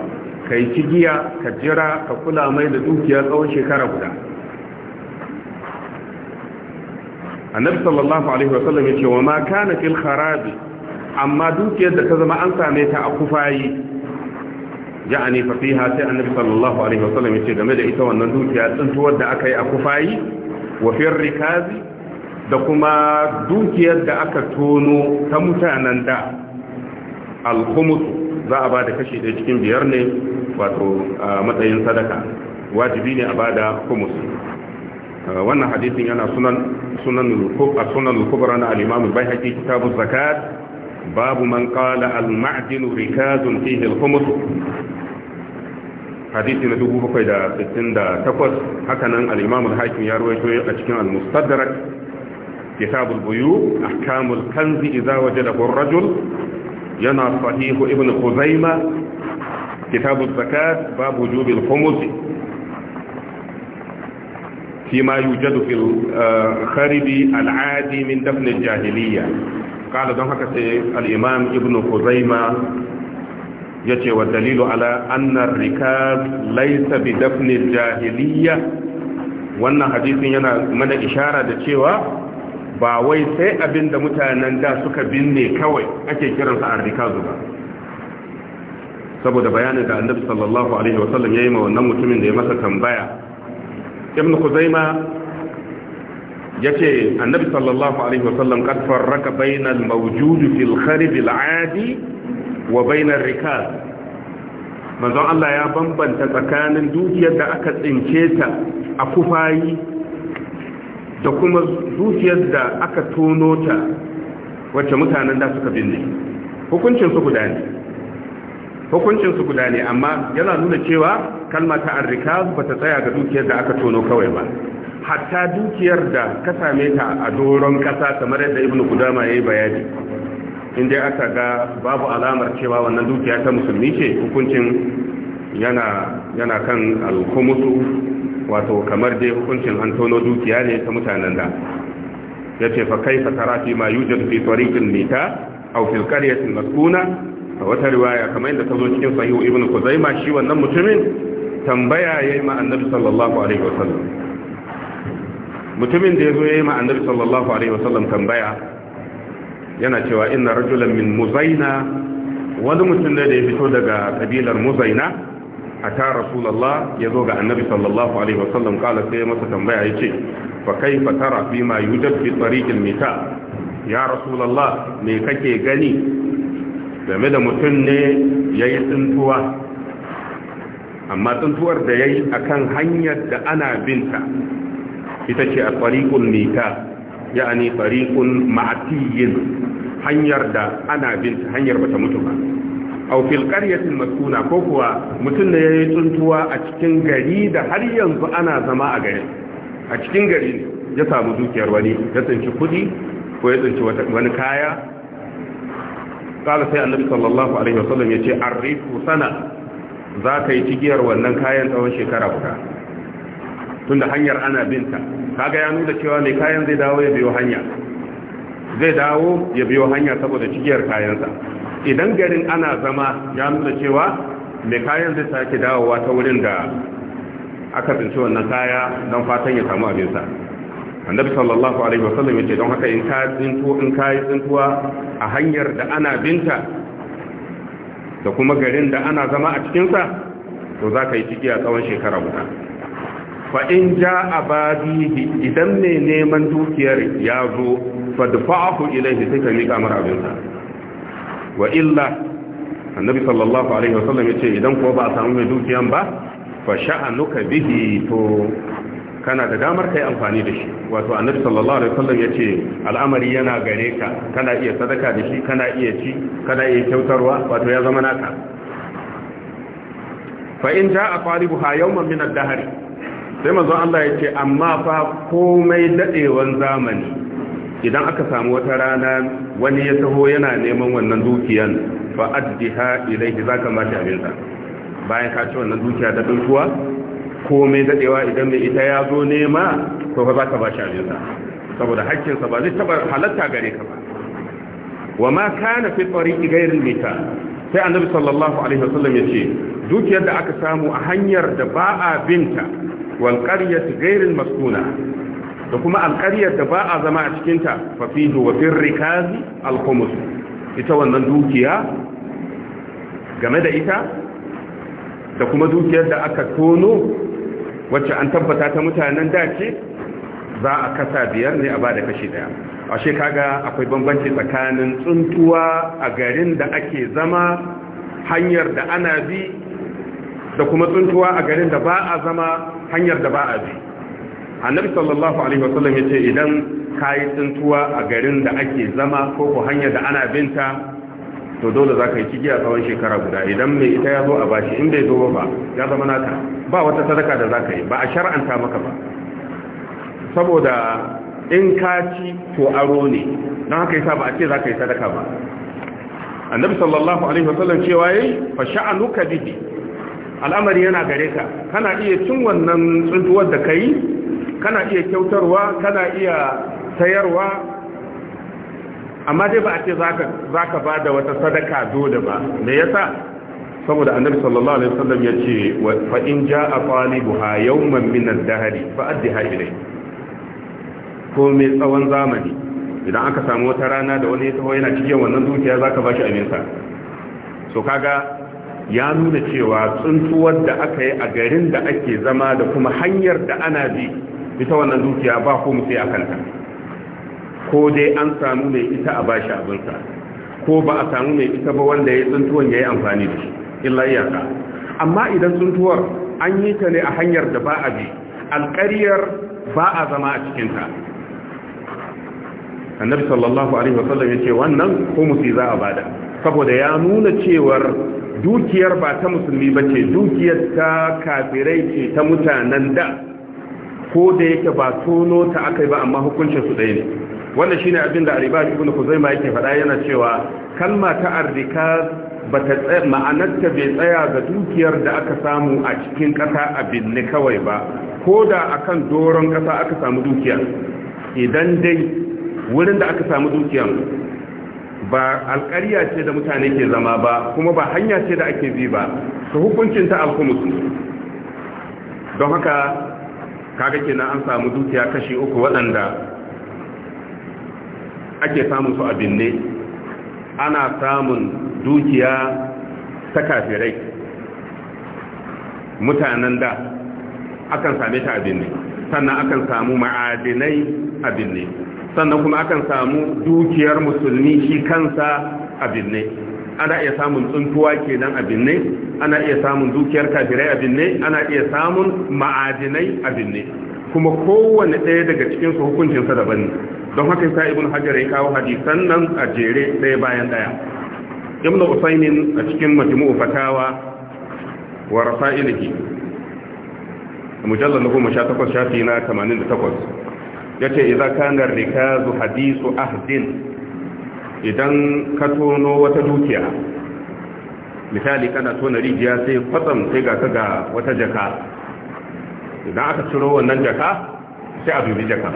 ka yi cigiya ka jira ka kula mai da dukiya tsawon shekara guda annabi sallallahu alaihi wasallam ya ce wa ma kana fil kharabi amma dukiyar da ta zama an same ta a kufayi ya'ani fa fiha sai annabi sallallahu alaihi wasallam ya ce game da ita wannan dukiya tsintuwar da aka yi a kufayi wa fil rikazi da kuma dukiyar da aka tono ta mutanen da al-khumusu za a ba da kashi ɗaya cikin biyar ne wato a matsayin sadaka wajibi ne a ba da kumus wannan hadisin yana sunan sunan al-kubra na al-imam al-baihaqi zakat babu man qala al-ma'dinu rikazun fihi al hadisi na 768 haka nan al-imam hakim ya rawaito a cikin al-mustadrak kitab buyu ahkam kanzi kanz idza wajadahu rajul ينا صحيح ابن خزيمة كتاب الزكاة باب وجوب الخمس فيما يوجد في الخارب آه، العادي من دفن الجاهلية قال دون الإمام ابن خزيمة يتي والدليل على أن الركاب ليس بدفن الجاهلية وأن حديث ينا من إشارة تشيوى ba wai sai abin da mutanen da suka binne kawai ake kiransa arrikazu ba saboda bayanin da annabi sallallahu alaihi wasallam yayi ma wannan mutumin da ya masa tambaya ibn kuzaima yace annabi sallallahu alaihi wasallam kad farraka bainal mawjud fil kharib al adi wa bainar rikaz manzon Allah ya bambanta tsakanin dukiyar da aka tsince ta a kufayi da kuma zuciyar da aka tono ta wacce mutanen da suka binne hukuncin su guda ne hukuncin guda ne amma yana nuna cewa kalma ta arrika ba ta tsaya ga dukiyar da aka tono kawai ba hatta dukiyar da ka same ta a doron kasa kamar yadda ibnu kudama yayi bayani dai aka ga babu alamar cewa wannan dukiya ta musulmi ce hukuncin yana kan al-khumusu wato kamar dai hukuncin an tono dukiya ne ta mutanen da ya ce fa kai fatara fi ma yujad fi tariqin mita aw fil qaryatin maskuna a wata riwaya kamar yadda ta zo cikin sahihu ibnu kuzaima shi wannan mutumin tambaya yayi ma annabi sallallahu alaihi wasallam mutumin da yazo yayi ma annabi sallallahu alaihi wasallam tambaya yana cewa inna rajulan min muzaina wani mutum ne da ya fito daga kabilar muzaina ata rasulullah ya zo ga annabi sallallahu alaihi wasallam kala sai masa tambaya yace fa kaifa tara fi ma yi fi tariqil mita ya rasulullah me kake gani game da mutum ne yayi tsintuwa amma tsintuwar da yayi akan hanyar da ana binta ita ce a tariqul mita ya'ani tariqun ma'atiyin hanyar da ana binta hanyar bata mutu ba aw fil qaryatin maskuna ko kuwa mutum ne yi tuntuwa a cikin gari da har yanzu ana zama a gari a cikin gari ya samu dukiyar wani ya tsinci kudi ko ya tsinci wani kaya kala sai annabi sallallahu alaihi wasallam ya ce arrifu sana za ka yi cigiyar wannan kayan tsawon shekara guda tunda hanyar ana binta ga ya nuna cewa mai kayan zai dawo ya biyo hanya zai dawo ya biyo hanya saboda cigiyar kayansa idan garin ana zama ya nuna cewa mai kayan zai sake dawowa ta wurin da aka tsinci wannan kaya don fatan ya samu abinsa annabi sallallahu alaihi wasallam yake don haka in ka tsinto in tsintuwa a hanyar da ana binta da kuma garin da ana zama a cikin sa to zaka yi ciki a tsawon shekara guda fa in a babihi idan ne neman dukiyar ya zo fa dafa'ahu ilaihi sai ka mika mar abinsa wa illa annabi sallallahu alaihi wasallam ya ce idan ko ba samu mai dukiyan ba fa sha'anuka bihi to kana da damar kai amfani da shi wato annabi sallallahu alaihi wasallam yace al'amari yana gare ka kana iya sadaka da shi kana iya ci kana iya kyautarwa wato ya zama naka fa in jaa qalibuha yawman min ad-dahr sai manzo Allah yace amma fa komai dadewan zamani idan aka samu wata rana wani ya taho yana neman wannan dukiyan fa addiha ilaihi zaka ma shi abinsa bayan ka ci wannan dukiya da dinkuwa komai dadewa idan mai ita ya zo nema to fa zaka ba shi abinsa saboda hakkinsa ba zai taba halatta gare ka ba wa ma kana fi tariqi ghayril mita sai annabi sallallahu alaihi wasallam yace dukiyar da aka samu a hanyar da ba a binta wal qaryati ghayril maskuna da kuma alƙaryar da ba a zama a cikinta fafihu wa firrikazi alkomus ita wannan dukiya game da ita da kuma dukiyar da aka tono wacce an tabbata ta mutanen dace za a kasa biyar ne a ba da kashi daya ashe kaga akwai bambanci tsakanin tsuntuwa a garin da ake zama hanyar da ana bi da kuma tsuntuwa a garin da ba a zama hanyar da ba a bi annabi sallallahu alaihi wasallam yace idan kayi tsintuwa a garin da ake zama ko ko hanya da ana binta to dole zaka yi a tsawon shekara guda idan mai ita ya zo a bashi in bai zo ba ya zama naka ba wata sadaka da zaka yi ba a shar'anta maka ba saboda in ka ci to aro ne don haka yasa ba a ce zaka yi sadaka ba annabi sallallahu alaihi wasallam cewa yayi fa sha'anuka bihi al'amari yana gare ka kana iya cin wannan tsuntuwar da kai kana iya kyautarwa kana iya sayarwa amma dai ba a ce za ka ba da wata sadaka dole ba me yasa saboda annabi sallallahu alaihi wasallam ya ce fa in ja'a talibuha yawman min ad-dahri fa addiha ko mai tsawon zamani idan aka samu wata rana da wani taho yana cikin wannan dukiya zaka shi aminsa so kaga ya nuna cewa tsuntuwar da aka yi a garin da ake zama da kuma hanyar da ana bi ita wannan dukiya ba ko mu sai a kanta ko dai an samu mai ita a bashi abinsa ko ba a samu mai ita ba wanda ya tsuntuwan ya yi amfani da shi illa iyaka amma idan tsuntuwar an yi ta ne a hanyar da ba a bi alƙaryar ba a zama a cikinta annabi sallallahu alaihi wasallam ya ce wannan ko musi za a bada saboda ya nuna cewar dukiyar ba ta musulmi ba ce dukiyar ta kafirai ce ta mutanen da ko da yake ba tono ta akai ba amma hukuncin su ɗaya ne wannan shine abin da al-Ibad ibn khuzaima yake faɗa yana cewa kalma ta arrika bata tsaya ma'anarta bai tsaya ga dukiyar da aka samu a cikin ƙasa a binne kawai ba ko da akan doron ƙasa aka samu dukiya idan dai wurin da aka samu dukiyar ba alƙarya ce da mutane ke zama ba kuma ba hanya ce da ake bi ba su hukuncin ta alkumus don haka kaga kenan an samu dukiya kashi uku waɗanda ake samun su a binne ana samun dukiya ta kafirai mutanen da akan same ta a binne sannan akan samu ma'adinai a binne sannan kuma akan samu dukiyar musulmi shi kansa a binne ana iya samun tsuntuwa kenan a binne ana iya samun dukiyar kafirai a binne ana iya samun ma'adinai a binne kuma kowane ɗaya daga cikin su hukuncinsa daban ne don haka yasa ibn hajar ya kawo hadisan nan a jere ɗaya bayan ɗaya ibn usaimin a cikin majmu'u fatawa wa rasailihi mujallal 18 shafi na 88 yace idza kana rikazu hadisu ahdin idan ka tono wata dukiya misali kana tona rijiya sai kwatsam sai ga ga wata jaka idan aka ciro wannan jaka sai a dubi jaka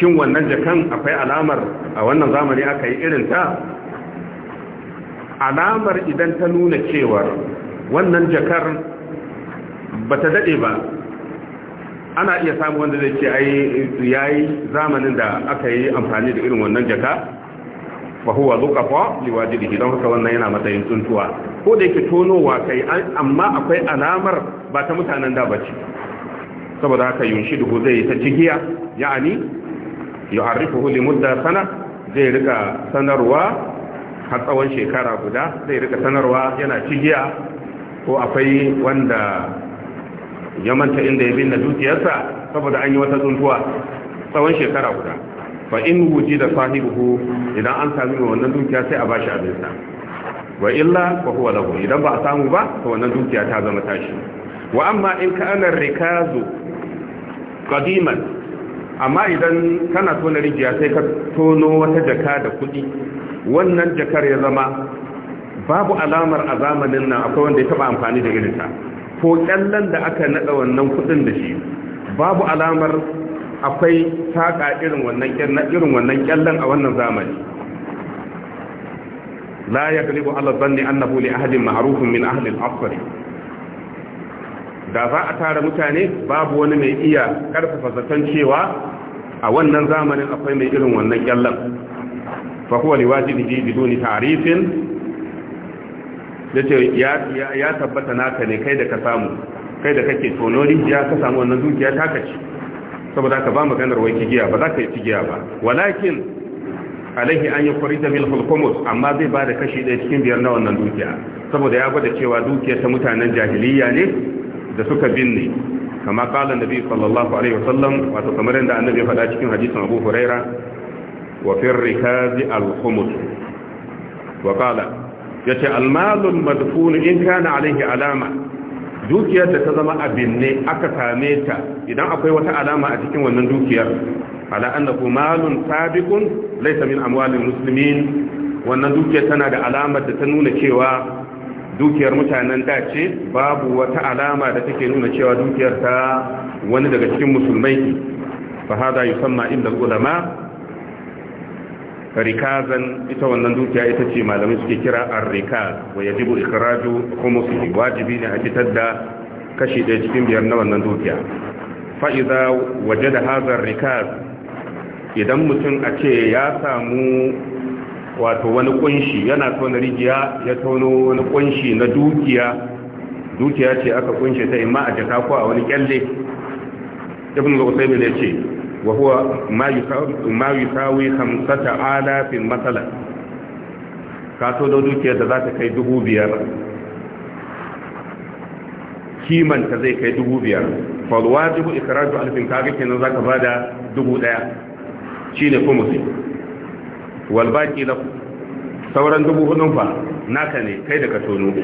shin wannan jakan akwai alamar a wannan zamani aka yi irin ta alamar idan ta nuna cewar wannan jakar ba ta daɗe ba ana iya samu wanda zai ce ai yayi zamanin da aka yi amfani da irin wannan jaka wa huwa zuqafa liwajidihi don haka wannan yana matsayin tuntuwa ko da yake tonowa kai amma akwai alamar ba ta mutanen da bace saboda haka yunshidu zai yi ta cigiya ya'ani yu'arrifuhu li mudda sana zai rika sanarwa har tsawon shekara guda zai rika sanarwa yana cigiya ko akwai wanda ya manta inda ya binne dukiyarsa saboda an yi wata tuntuwa tsawon shekara guda fa in wuji da sahibu idan an sami wannan dukiya sai a bashi abin sa wa illa fa huwa lahu idan ba a samu ba to wannan dukiya ta zama tashi wa amma in kana rikazu qadiman amma idan kana tona rijiya sai ka tono wata jaka da kudi wannan jakar ya zama babu alamar a zamanin nan akwai wanda ya taba amfani da irinta ko kyallan da aka nada wannan kudin da shi babu alamar akwai saƙa irin wannan kyallon a wannan zamani la ya kalibu Allah zanni annahu li ahadin ma'rufun min ahli al da za a tara mutane babu wani mai iya karfafa zaton cewa a wannan zamanin akwai mai irin wannan kyallon fa huwa liwajibihi biduni ta'rifin da ya ya tabbata naka ne kai da ka samu kai da kake tonori ya ka samu wannan dukiya ta kaci saboda ka ba maganar wai giya, ba za ka yi giya ba walakin alaihi an yi kwarita bil hulkumus amma zai ba da kashi ɗaya cikin biyar na wannan dukiya saboda ya gwada cewa dukiya ta mutanen jahiliya ne da suka binne kama kala nabi sallallahu alaihi wasallam wato kamar yadda annabi ya faɗa cikin hadisin abu huraira wa fi rikazi al wa kala yace al malul madfun in kana alaihi alama dukiyar da ta zama abin ne aka same ta idan akwai wata alama a cikin wannan dukiyar ala annahu malun sabiqun laysa min amwalil muslimin wannan dukiyar tana da alamar da ta nuna cewa dukiyar mutanen da ce babu wata alama da take nuna cewa dukiyar ta wani daga cikin musulmai fa hada yusamma inda ulama rikazan ita wannan dukiya ita ce malamai suke kira ar-rikaz wa yajibu ikhraju khumusi wajibi ne a fitar da kashi ɗaya cikin biyar na wannan dukiya fa idza wajada hadha ar-rikaz idan mutum a ce ya samu wato wani kunshi yana tona rijiya ya tono wani kunshi na dukiya dukiya ce aka kunshe ta imma a jaka ko a wani kyalle ibn al-usaymin ne ce wa huwa ma yusawi alafin matsala ka so da dukiyar za ta kai dubu biyar kimanta zai kai dubu biyar falwajibu ikiraju alfin kaga kenan za ka ba da dubu daya shi ne kuma sai walbaki na sauran dubu hudun fa naka ne kai da ka tono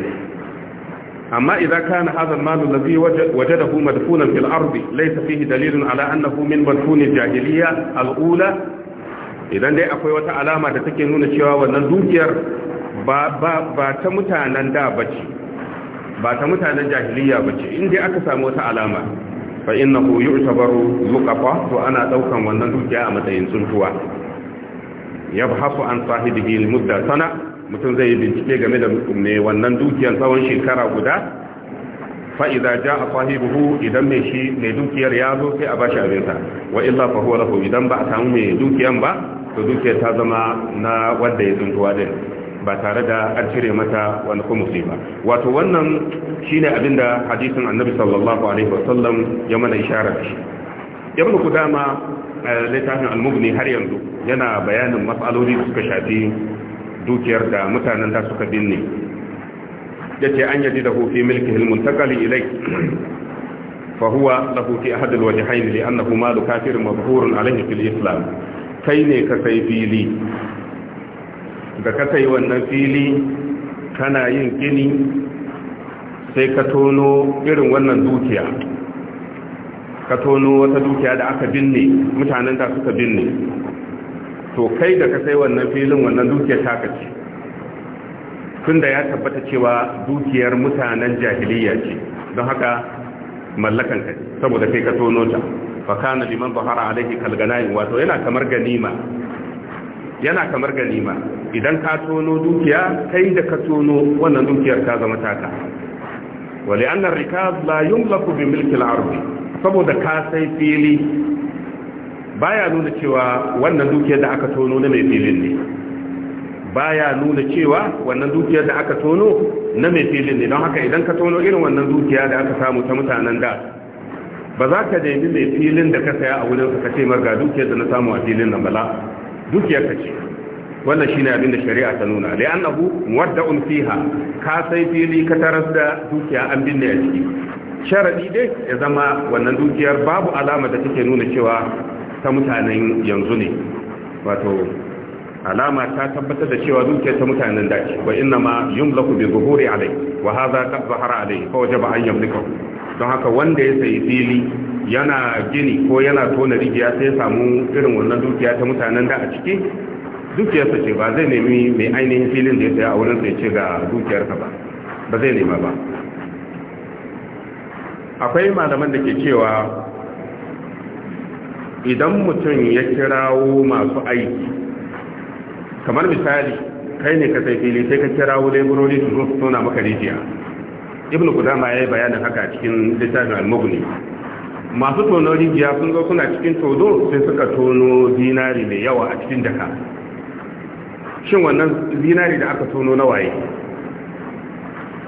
amma idan kana hadha al-mal alladhi wajadahu madfunan fil ardi laysa fihi dalilun ala annahu min madfun al-jahiliyya al idan dai akwai wata alama da take nuna cewa wannan dukiyar ba ta mutanen da bace ba ta mutanen jahiliyya bace in dai aka samu wata alama fa innahu yu'tabaru luqafa to ana daukan wannan dukiya a matsayin tsuntuwa yabhasu an da al-mudda sana mutum zai yi bincike game da ne wannan dukiyar tsawon shekara guda fa'iza ja a buhu idan mai shi mai dukiyar ya zo sai a ba shi abinsa wa illa fahuwa rahu idan ba a samu mai dukiyar ba to dukiyar ta zama na wanda ya tsuntuwa din ba tare da an cire mata wani kuma ba wato wannan shine abinda hadisin annabi sallallahu alaihi wasallam ya mana isharar shi ku dama eh, littafin al har yanzu yana bayanin matsaloli da suka shafi dukiyar da mutanen da suka binne ya ce an yaji da hufi milki hilmun takali ilai fahuwa da hufi a hadin waje haini ne annahu malu kafirin mabuhurin alaihi fil islam kai ne ka sai fili da ka sai wannan fili kana yin gini sai ka tono irin wannan dukiya ka tono wata dukiya da aka binne mutanen da suka binne to kai da ka sai wannan filin wannan dukiyar taka ce tunda ya tabbata cewa dukiyar mutanen jahiliya ce don haka mallakan ka saboda kai ka tono ta fa kana liman bahara alaihi kalganai wato yana kamar ganima yana kamar ganima idan ka tono dukiya kai da ka tono wannan dukiyar ka zama taka wali annar rikaz la yumlaku bi milki al-ardi saboda ka sai fili baya nuna cewa wannan dukiyar da aka tono na mai filin ne baya nuna cewa wannan dukiyar da aka tono na mai filin ne don haka idan ka tono irin wannan dukiya da aka samu ta mutanen da ba za ka nemi mai filin da ka saya a wurin ka ce marga dukiyar da na samu a filin nan bala dukiyar ka ce wannan shine abin da shari'a ta nuna la annahu muwadda'un fiha ka sai fili ka taras da dukiya an binne a ciki sharadi dai ya zama wannan dukiyar babu alama da take nuna cewa ta mutanen yanzu ne wato alama ta tabbatar da cewa dukiyar ta mutanen da dace wa inna ma yumlaku bi zuhuri alai wa hadha ta zahara alai fa wajaba an yamlika don haka wanda ya sayi fili yana gini ko yana tona rigiya sai ya samu irin wannan dukiya ta mutanen da a ciki dukiyarsa ce ba zai nemi mai ainihin filin da ya saya a wurin sai ce ga dukiyarsa ba ba zai nema ba akwai malaman da ke cewa idan mutum ya kirawo masu aiki kamar misali kai ne ka sai fili sai ka kirawo laborori su zo su tona maka rijiya ibn kudama ya yi bayanin haka cikin littafin al-mughni masu tono rijiya sun zo suna cikin todo sai suka tono zinari mai yawa a cikin daka shin wannan zinari da aka tono na waye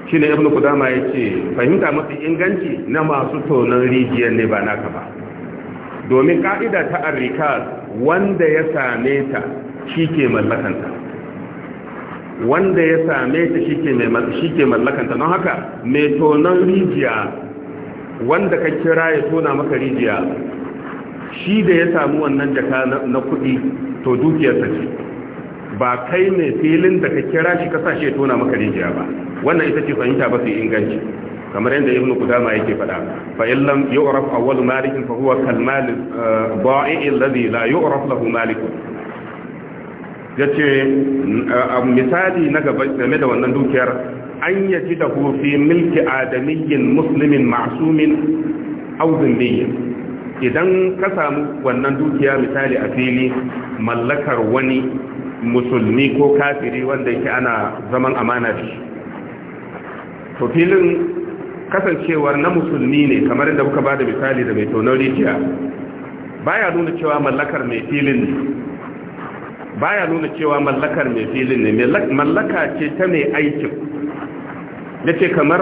shi ne ibn kudama ya ce fahimta mafi inganci na masu tonon rijiyar ne ba naka ba domin ka'ida ta arrikaz wanda ya same ta shi ke mallakanta wanda ya same ta shi ke mallakanta don haka mai tonon rijiya wanda ka kira ya tona maka rijiya shi da ya samu wannan jaka na kudi to dukiyarsa ce ba kai mai filin da ka kira shi ka sa shi ya tona maka rijiya ba wannan ita ce fahimta ba su inganci kamar yadda ibnu kudama yake faɗa fa in lam yu'raf awwal malik fa huwa kal mal ba'i eh, alladhi la yu'raf lahu malik yace eh, misali na gaba game da wannan dukiyar an yaji da fi milki adamiyyin muslimin ma'sumin aw dhimmiyin idan ka samu wannan dukiya misali a fili mallakar wani musulmi ko kafiri wanda yake ana zaman amana da shi to filin kasancewar na musulmi ne kamar da muka ba da misali da mai tonon rijiya baya nuna cewa mallakar mai filin ne baya nuna cewa mallakar mai filin ne mallaka ce ta mai aikin ya ce kamar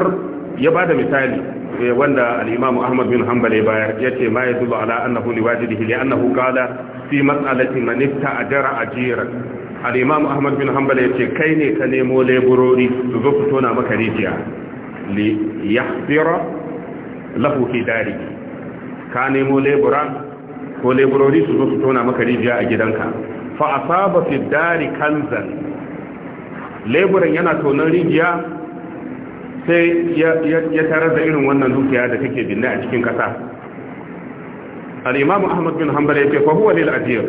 ya ba da misali eh, wanda al'imamu ahmad bin hanbal ya bayar ya ce ma ya zuba ala annahu liwajidihi li annahu qala fi a man iftajara ajiran al'imamu ahmad bin hanbal ya ce kai ne ka nemo leburori su zo ku tona maka rijiya li lahu fi ka nemo lebura ko leburori su zo su tona maka rijiya a gidanka fa saba fi dari kanzan leburan yana tonon rijiya sai ya tarar da irin wannan dukiya da take binne a cikin kasa al ahmad bin hanbal ya fa huwa lil ajir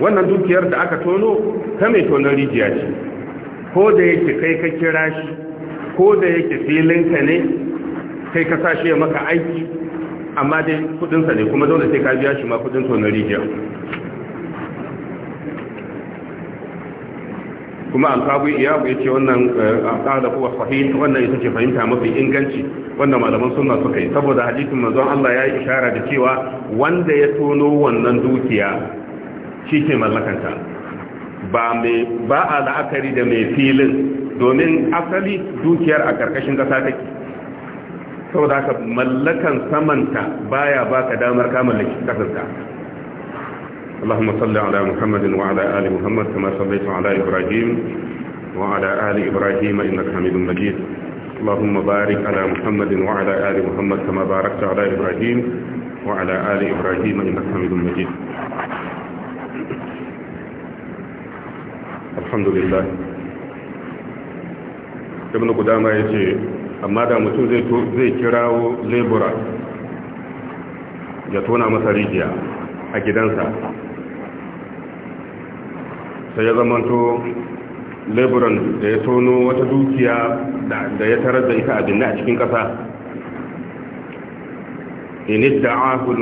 wannan dukiyar da aka tono ta mai tonon rijiya ce ko da yake kai ka kira shi ko da yake ka ne kai ka sa shi ya maka aiki amma dai kudinsa ne kuma dole sai ka biya shi ma kudin tonar rijiya kuma alkabu iya ya ce wannan eh, alƙada kuwa sahih wannan ita ce fahimta mafi inganci Wannan malaman sunna suka yi saboda hadisin manzon Allah ya yi ishara da cewa wanda ya tono wannan dukiya shi ke mallakanta ba mai ba a la'akari da mai filin domin asali dukiyar a karkashin kasa take saboda haka mallakan samanta baya baka damar ka mallaki kasarka اللهم صل على محمد وعلى آل محمد كما صليت على إبراهيم وعلى آل إبراهيم إنك حميد مجيد اللهم بارك على محمد وعلى آل محمد كما باركت على إبراهيم وعلى آل إبراهيم إنك حميد مجيد الحمد لله ibn qudama yace amma da mutum zai zai kirawo lebura ya tona masa rijiya a gidansa sai ya zamanto leburan da ya tono wata dukiya da ya tarar da ita a binne a cikin ƙasa inid da ahul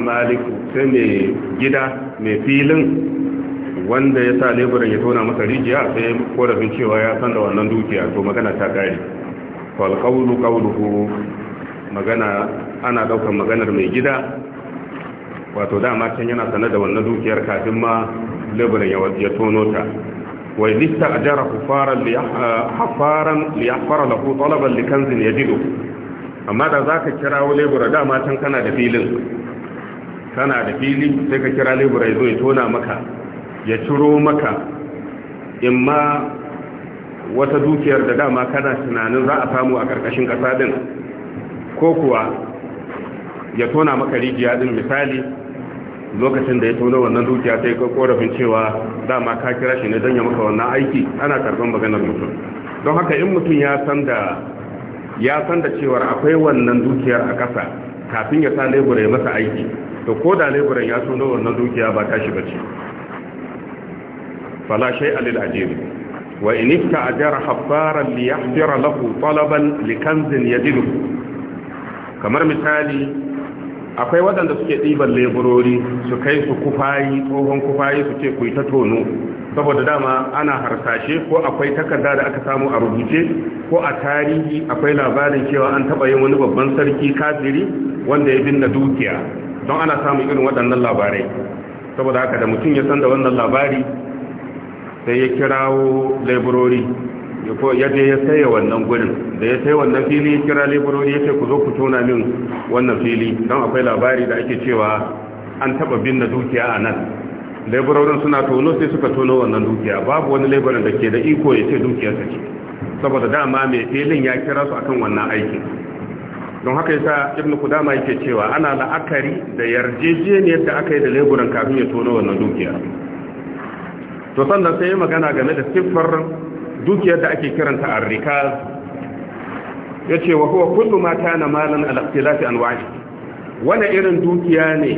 sai mai gida mai filin wanda ya sa leburan ya tona masa rijiya sai korafin cewa ya san da wannan dukiya to magana ta kare falkaulu kauluhu magana ana daukar maganar mai gida wato dama can yana sanar da wannan dukiyar kafin ma leburan ya tono ta wai lista a jara ah, hafaran liyafara lafu talabar likanzin ya jido amma da za ka kirawo lebura dama can kana da filin kana da fili sai ka kira lebura ya zo ya tona maka ya ciro maka in ma wata dukiyar da dama kana tunanin za a samu a ƙarƙashin ƙasa ɗin ko kuwa ya tona maka rijiya ɗin misali lokacin da ya tona wannan dukiya sai ka korafin cewa dama ka kira shi ne don ya maka wannan aiki ana karɓar maganar mutum don haka in mutum ya san da ya san da cewar akwai wannan dukiyar a ƙasa kafin ya sa lebura ya masa aiki to ko da leburan ya tona wannan dukiya ba tashi ba ce فلا شيء lil وإن wa جار ista'jara ليحفر له طلبا لكنز talaban li مثالي kamar misali akwai waɗanda suke ɗiban leburori su kai su kufayi tsohon kufayi su ce ku yi ta tono saboda dama ana harsashe ko akwai takarda da aka samu a rubuce ko a tarihi akwai labarin cewa an taɓa yin wani babban sarki kafiri wanda ya binne dukiya don ana samun irin waɗannan labarai saboda haka da mutum ya san da wannan labari sai ya kirawo laborori ya je ya saya wannan gudun da ya sai wannan fili ya kira laborori ya ce ku zo ku tona min wannan fili don akwai labari da ake cewa an taba binne dukiya a nan laborin suna tono sai suka tono wannan dukiya babu wani laborin da ke da iko ya ce dukiyarsa ce saboda dama mai filin ya kira su akan wannan aikin don haka yasa ibn kudama yake cewa ana la'akari da yarjejeniyar da aka yi da laborin kafin ya tono wannan dukiya to sannan sai magana game da siffar dukiyar da ake kiranta arrikaz ce wa kowa kullum ma kana malan ala an anwa'i wani irin dukiya ne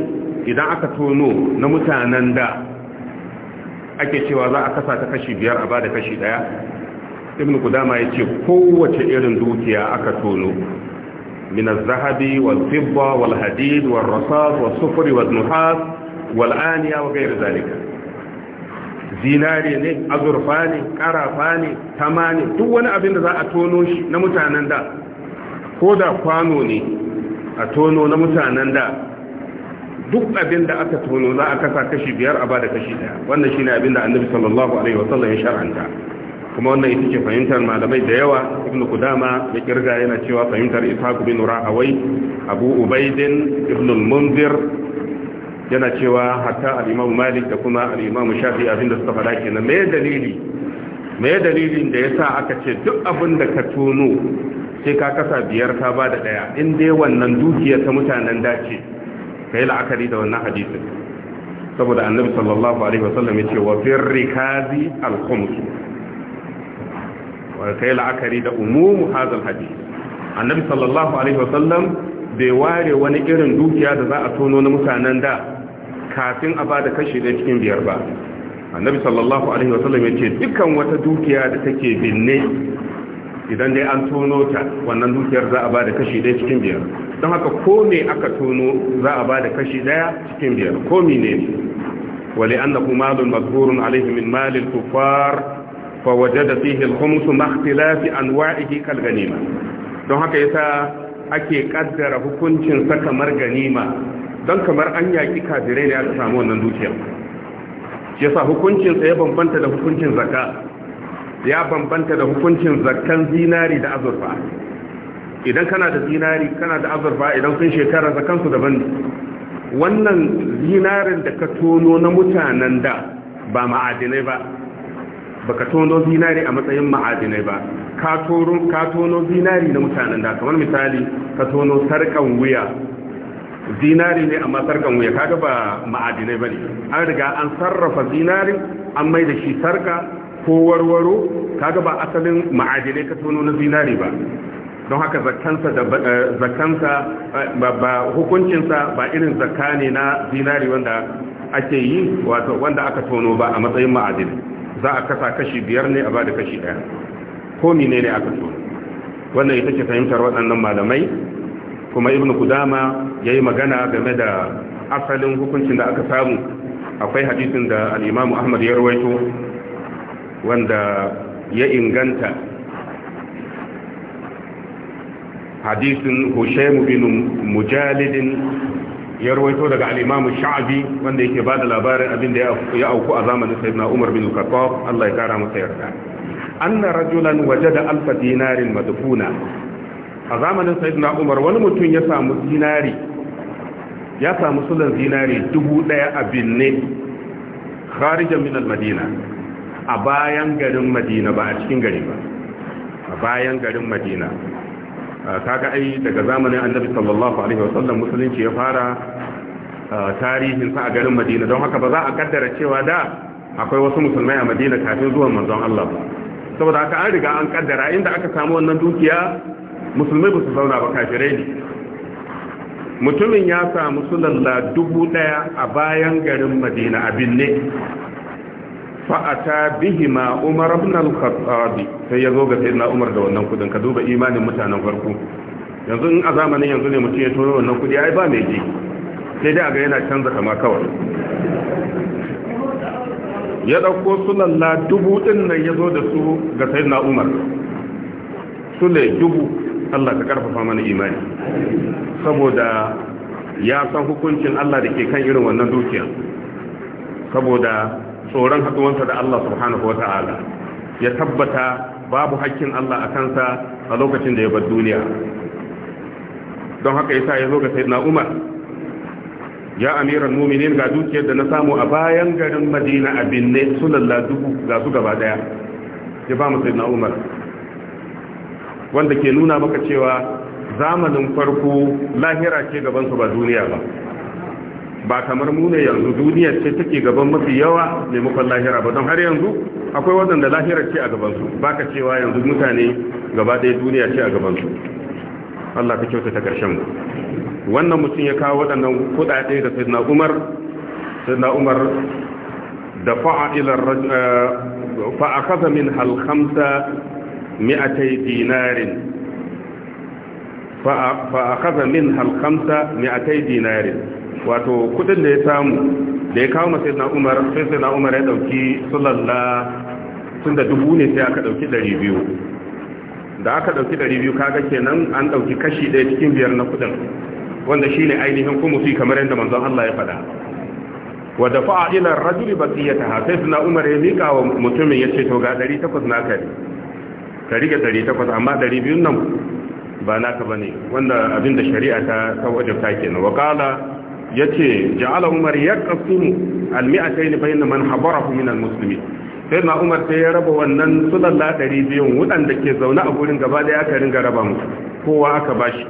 idan aka tono na mutanen da ake cewa za a kasa ta kashi biyar a bada kashi ɗaya? ibn kudama yace kowace irin dukiya aka tono min zahabi wal-fidda wal-hadid wal-rasas was-sufri wal-nuhas wal-aniya wa zalika zinare ne azurfa ne karafa ne tama ne duk wani abin da za a tono shi na mutanen da ko da kwano ne a tono na mutanen da duk abin da aka tono za a kasa kashi biyar a ba da kashi daya wannan shine abin da annabi sallallahu alaihi wasallam ya shar'anta kuma wannan ita ce fahimtar malamai da yawa ibn kudama da kirga yana cewa fahimtar ishaq bin rahawai abu ubaidin ibn munzir yana cewa hatta al malik da kuma al-imam shafi abinda suka faɗa kenan me dalili me dalilin da ya sa aka ce duk abin da ka tono sai ka kasa biyar ka ba da daya in wannan dukiya ta mutanen dace kai la'akari da wannan hadisin saboda annabi sallallahu alaihi wasallam ce wa firrikazi al-khums wa kai la'akari da umumu hadal hadis annabi sallallahu alaihi wasallam bai ware wani irin dukiya da za a tono na mutanen da kafin a ba da kashi da cikin biyar ba annabi sallallahu alaihi wasallam ya ce dukkan wata dukiya da take binne idan dai an tono ta wannan dukiyar za a ba da kashi ɗaya cikin biyar don haka ko me aka tono za a ba da kashi ɗaya cikin biyar ko mi ne wale an na kuma malin mazgurun alaihi min malin kufar fa waje da fihe alhumusu makhtilafi an wa'ihi kal ganima don haka yasa ake kaddara hukuncin saka kamar ganima don kamar an yaƙi kafirai ne aka samu wannan dukiyar ya sa hukuncinsa ya bambanta da hukuncin zakka ya bambanta da hukuncin zakan zinari da azurfa idan kana da zinari kana da azurfa idan sun shekara zakansu daban wannan zinarin da ka tono na mutanen da ba ma'adinai ba Ba ka tono zinari a matsayin ma'adinai ba ka tono zinari na mutanen da kamar misali ka tono sarkan wuya zinari ne amma sarkan wuya kaga ba ma'adinai bane an riga an sarrafa zinari an mai da shi sarka ko warwaro kaga ba asalin ma'adinai ka tono na zinari ba don haka zakansa da eh, zakansa eh, ba hukuncinsa ba irin zakani na zinari wanda ake yi wato wanda aka tono ba a matsayin ma'adinai za a kasa kashi biyar ne a ba da kashi daya ko menene aka tono wannan ita ce fahimtar waɗannan malamai kuma ibn kudama ya yi magana game da asalin hukuncin da aka samu akwai hadisin da al'imamu ahmad ya rawaito wanda ya inganta hadisin hushaimu bin mujalidin ya rawaito daga al'imamu sha'abi wanda yake ba da labarin abin da ya auku a zamanin sayyidina umar bin khattab Allah ya kara masa yarda na rajulan wajada alfa dinarin madfuna a zamanin na umar wani mutum ya samu zinari ya samu sulan zinari dubu daya a binne kharijan min al-madina a bayan garin madina ba a cikin gari ba a bayan garin madina kaga ai daga zamanin annabi sallallahu alaihi wasallam musulunci ya fara tarihin sa a garin madina don haka ba za a kaddara cewa da akwai wasu musulmai a madina kafin zuwan manzon Allah saboda haka an riga an kaddara inda aka samu wannan dukiya musulmai ba su zauna ba kafirai ne mutumin ya samu sulalla dubu daya a bayan garin madina a binne fa'ata bihima umar abinan al sai ya zo ga sayyidina umar da wannan kudin ka duba imanin mutanen farko yanzu in a zamanin yanzu ne mutum ya turo wannan kudi ai ba mai ji sai dai a ga yana canza kama kawai ya ɗauko sulalla dubu din nan ya zo da su ga sayyidina umar sule dubu Allah ka karfafa mana imani saboda ya san hukuncin Allah da ke kan irin wannan dukiya saboda tsoron haduwansa da Allah subhanahu wata'ala ya tabbata babu hakkin Allah a kansa a lokacin da ya bar duniya don haka yasa ya zo ga sayyidina Umar ya amiran muminin ga dukiyar da na samu a bayan garin Madina a binne sulalla dubu ga su gaba daya ya ba mu sayyidina Umar wanda ke nuna maka cewa zamanin farko lahira ce gabansu ba duniya ba ba kamar mu ne yanzu duniya ce take gaban mafi yawa maimakon lahira ba don har yanzu akwai waɗanda lahira ce a gabansu ba ka cewa yanzu mutane gaba ɗaya duniya ce a gabansu Allah ka kyauta ta ƙarshen mu wannan mutum ya kawo waɗannan kuɗaɗe da sayyidina Umar Umar da fa'a ila eh, fa'a kaza min hal مئتي dinarin فأخذ منها الخمسة مئتي دينار واتو dinarin wato سامو da ya samu da ya kawo masai كي صلى sai سند na umar ya كي sulalla tun da ne sai aka dauki ɗari biyu da aka ɗari biyu kaga kenan an dauki kashi ɗaya cikin biyar na kudin wanda shine ainihin kuma fi kamar yadda manzon Allah ya faɗa wa dafa'a ila ar-rajuli basiyataha sai sai umar ya mika wa mutumin yace to ga 800 naka ka rike 800 amma 200 nan ba naka ne wanda abinda shari'a ta tawajabta kenan wa qala yace ja'ala umar almi'a al ne bayna man habarahu min al musulmi sai na umar sai ya raba wannan sulalla 200 waɗanda ke zaune a gurin gaba da aka ringa raba mu kowa aka bashi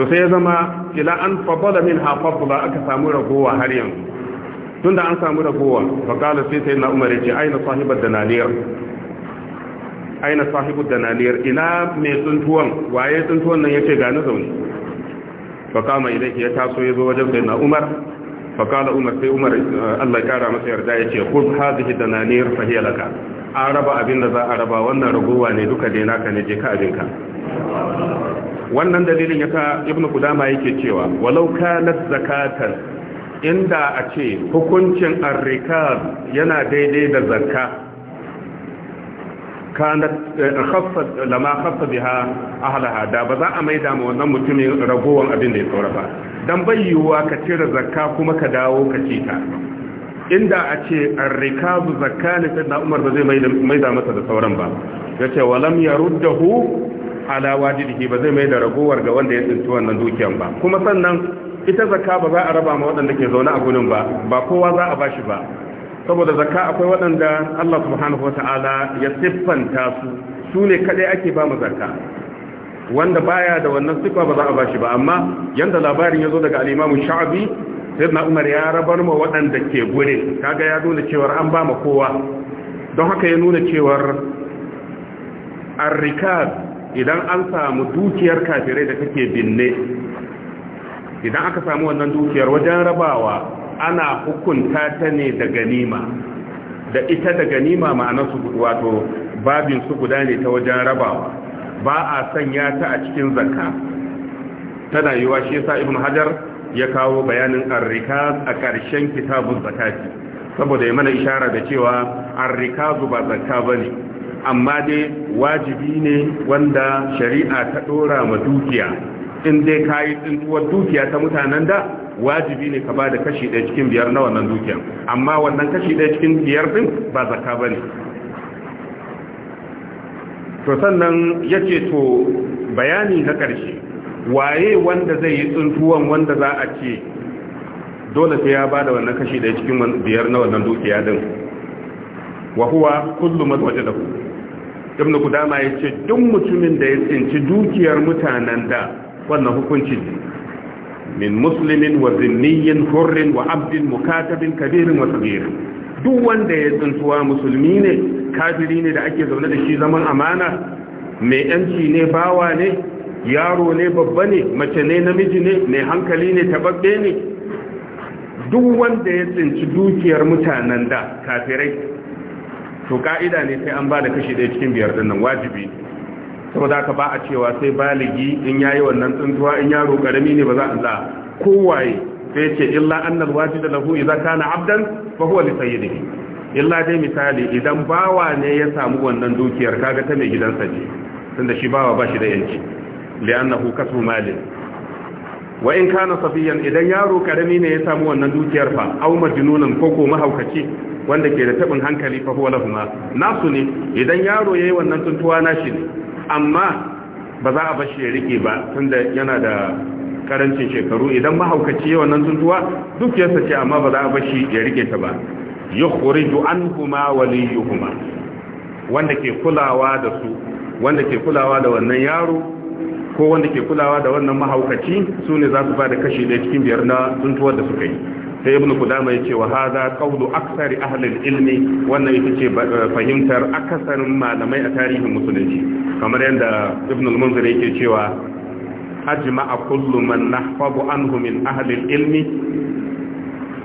to sai ya zama ila an fadala min ha aka samu ragowa har yanzu tunda an samu ragowa fa sai sai na umar yace aina da naniyar aina sahibu dananiyar ina mai tsuntuwan waye tsuntuwan nan yake gani na zaune fa kama ilayhi ya taso ya zo wajen sayyidina umar fa kala umar sai umar eh, Allah ya kara masa yarda yace khudh hadhihi dananiyar fa hiya laka an raba abin da za a raba wannan ragowa ne duka dai naka ne je ka abin ka. wannan dalilin yasa ibnu kudama yake cewa walau kanat zakatan inda a ce hukuncin arrikab yana daidai da zakka kanat eh, khaffa lama khaffa biha ahlaha da ba za a maida ma wannan mutumin ragowan abin da ya tsora ba dan bayyuwa ka cire zakka kuma ka dawo ka ci ta inda a ce arrikabu zakka ne sai da Umar ba zai maida masa da sauran ba yace walam yaruddahu ala wajidihi ba zai maida ragowar ga wanda ya tsinci wannan dukiyan ba kuma sannan ita zakka ba za a raba ma waɗanda ke zaune a gurin ba ba kowa za a bashi ba saboda zakka akwai waɗanda Allah subhanahu wata'ala ya siffanta su su ne kaɗai ake ba mu zakka wanda baya da wannan siffa ba za a ba shi ba amma yanda labarin ya zo daga al'imamu sha'abi sai na umar ya rabar ma waɗanda ke gure kaga ya nuna cewar an ba ma kowa don haka ya nuna cewar arrikab idan an samu dukiyar kafirai da take binne idan aka samu wannan dukiyar wajen rabawa ana hukunta ta ne da ganima da ita da ganima ma'anar su wato babin su guda ne ta wajen rabawa ba a sanya ta a cikin zakka tana yiwa shi yasa ibnu hajar ya kawo bayanin arrikaz a ƙarshen kitabun zakati saboda ya mana ishara da cewa arrikazu ba zakka bane amma dai wajibi ne wanda shari'a ta dora ma dukiya in dai kayi tsintuwar dukiya ta mutanen da wajibi ne ka bada kashi ɗaya cikin biyar na wannan dukiyar amma wannan kashi ɗaya cikin biyar din ba ba bane to sannan yace to bayani na ƙarshe waye wanda zai yi tsuntuwan wanda za a ce dole sai ya bada wannan kashi ɗaya cikin biyar na wannan dukiya din wa huwa kullu man wajadahu ibn kudama yace duk mutumin da ya tsinci dukiyar mutanen da wannan hukuncin min muslimin wa zinniyin hurrin wa abdin mukatabin kabirin wa duk wanda ya tsuntuwa musulmi ne kafiri ne da ake zaune da shi zaman amana mai yanci ne bawa ne yaro ne babba ne mace ne namiji ne mai hankali ne tababbe ne duk wanda ya tsinci dukiyar mutanen da kafirai to ka'ida ne sai an ba da kashi ɗaya cikin biyar dinnan wajibi saboda ka ba a cewa sai baligi in yayi wannan tsuntuwa in yaro karami ne ba za a za kowaye sai ce illa annal wajida lahu idza kana abdan fa huwa li sayyidihi illa dai misali idan bawa ne ya samu wannan dukiyar kaga ta mai gidansa ce tunda shi bawa ba shi da yanci li'annahu kasbu malin wa in kana safiyan idan yaro karami ne ya samu wannan dukiyar fa aw majnunan ko ko mahaukaci wanda ke da tabin hankali fa huwa lahuma nasu ne idan yaro yayi wannan tuntuwa nashi ne amma ba za a bashi ya rike ba tunda yana da karancin shekaru idan mahaukaci yawan nan tuntuwa duk ya sace amma ba za a bashi ya rike ta ba yukhriju anhuma waliyuhuma wanda ke kulawa da su wanda ke kulawa da wannan yaro ko wanda ke kulawa da wannan mahaukaci sune za su ba da kashi ɗaya cikin biyar na tuntuwar da suka yi sai ibn kudama ya ce wa haza qawlu aksari ahlil ilmi wannan ita ce fahimtar akasarin malamai a tarihin musulunci kamar yadda ibn al-munzir yake cewa ajma kullu man nahfazu anhu min ahlil ilmi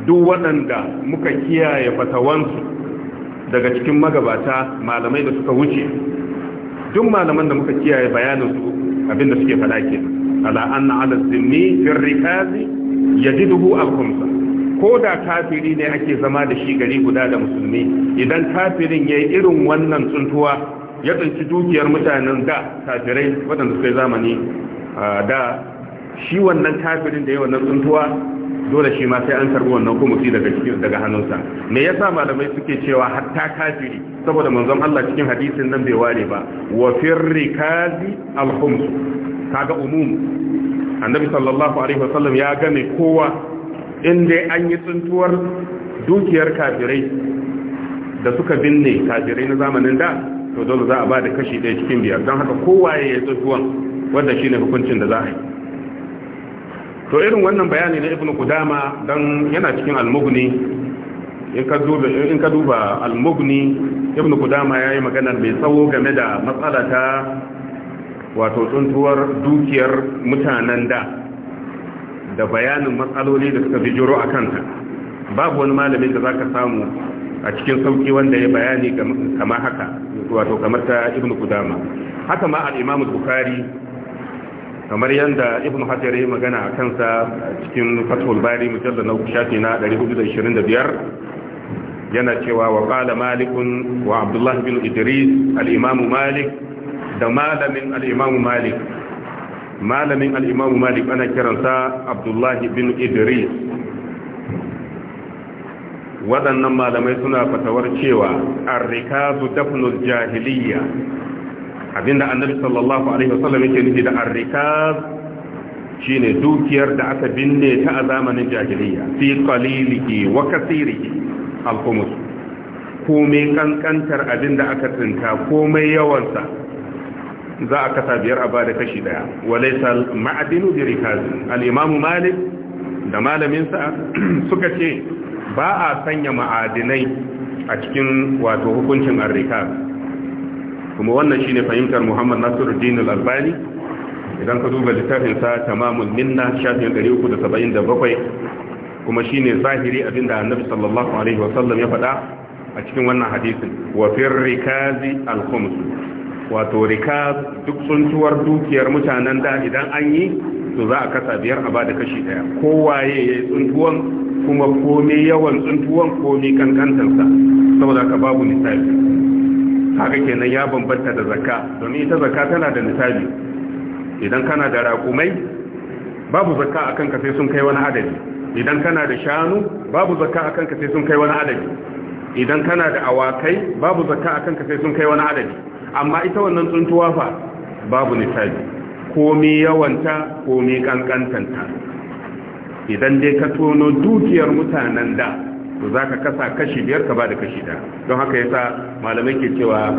duk waɗanda muka kiyaye fatawansu daga cikin magabata malamai da suka wuce duk malaman da muka kiyaye bayaninsu abinda suke faɗa ke ala anna ala zimmi fi rikazi yajiduhu al-khumsa ko da kafiri ne ake zama da shi gari guda da musulmi idan kafirin ya yi irin wannan tsuntuwa ya tsinci dukiyar mutanen da kafirai waɗanda suka zamani da shi wannan kafirin da ya wannan tsuntuwa dole shi ma sai an karbi wannan kumusi daga cikin daga hannunsa me yasa malamai suke cewa hatta kafiri saboda manzon Allah cikin hadisin nan bai ware ba wa firrikazi alhums kaga umum annabi sallallahu alaihi wasallam ya game kowa in dai an yi tsuntuwar dukiyar kafirai da suka binne kafirai na zamanin da to dole za a ba da kashi ɗaya cikin biyar don haka kowaye ya tsuntuwan wanda shi ne hukuncin da za a yi to irin wannan bayani na ibn kudama don yana cikin almugni in ka duba almugni ibn kudama ya magana mai tsawo game da matsala ta wato tsuntuwar dukiyar mutanen da da bayanin matsaloli da suka bijiro a kanta babu wani malamin da zaka samu a cikin sauki wanda ya bayani kama haka wato kamar ta ibnu kudama haka ma al bukari kamar yadda ibnu hajar ya magana a kansa cikin fathul bari mujallal na shafi na 425 yana cewa wa kala malikun wa abdullah bin idris al'imamu malik da malamin al'imamu malik malamin al'imamu malik ana kiransa abdullahi bin idris waɗannan malamai suna fatawar cewa arrikazu dafnul jahiliya abinda annabi sallallahu alaihi wasallam yake nufi da arrikaz shine dukiyar da aka binne ta a zamanin jahiliya fi qalilihi wa kasirihi al-khumus komai kankantar abinda aka tsinta komai yawansa za a kasa biyar a bada kashi daya walaisa ma'adinu bi rikazi al malik da Malaminsa *clears throat* suka ce ba a sanya ma'adinai a cikin wato hukuncin ar kuma wannan shine fahimtar Muhammad Nasiru, al-Albani idan ka duba littafinsa sa tamamul minna shafin 377 kuma shine zahiri abinda Annabi sallallahu alaihi wasallam ya faɗa a cikin wannan hadisin wa rikazi al-khums wato rika duk tsuntuwar dukiyar mutanen da idan an yi to za a kasa biyar a bada kashi daya kowaye ya yi tsuntuwan kuma komi yawan tsuntuwan komi kankantarsa saboda ka babu nisabi haka kenan ya bambanta da zakka domin ita zakka tana da nisabi idan kana da raƙumai babu zakka akan ka sai sun kai wani adadi idan kana da shanu babu zakka akan ka sai sun kai wani adadi idan kana da awakai babu zakka akan ka sai sun kai wani adadi amma ita wannan tsuntuwa fa babu nisabi komi yawanta komi kankantanta idan dai ka tono dukiyar mutanen da to za ka kasa kashi biyar ka ba da kashi da don haka yasa malamai ke cewa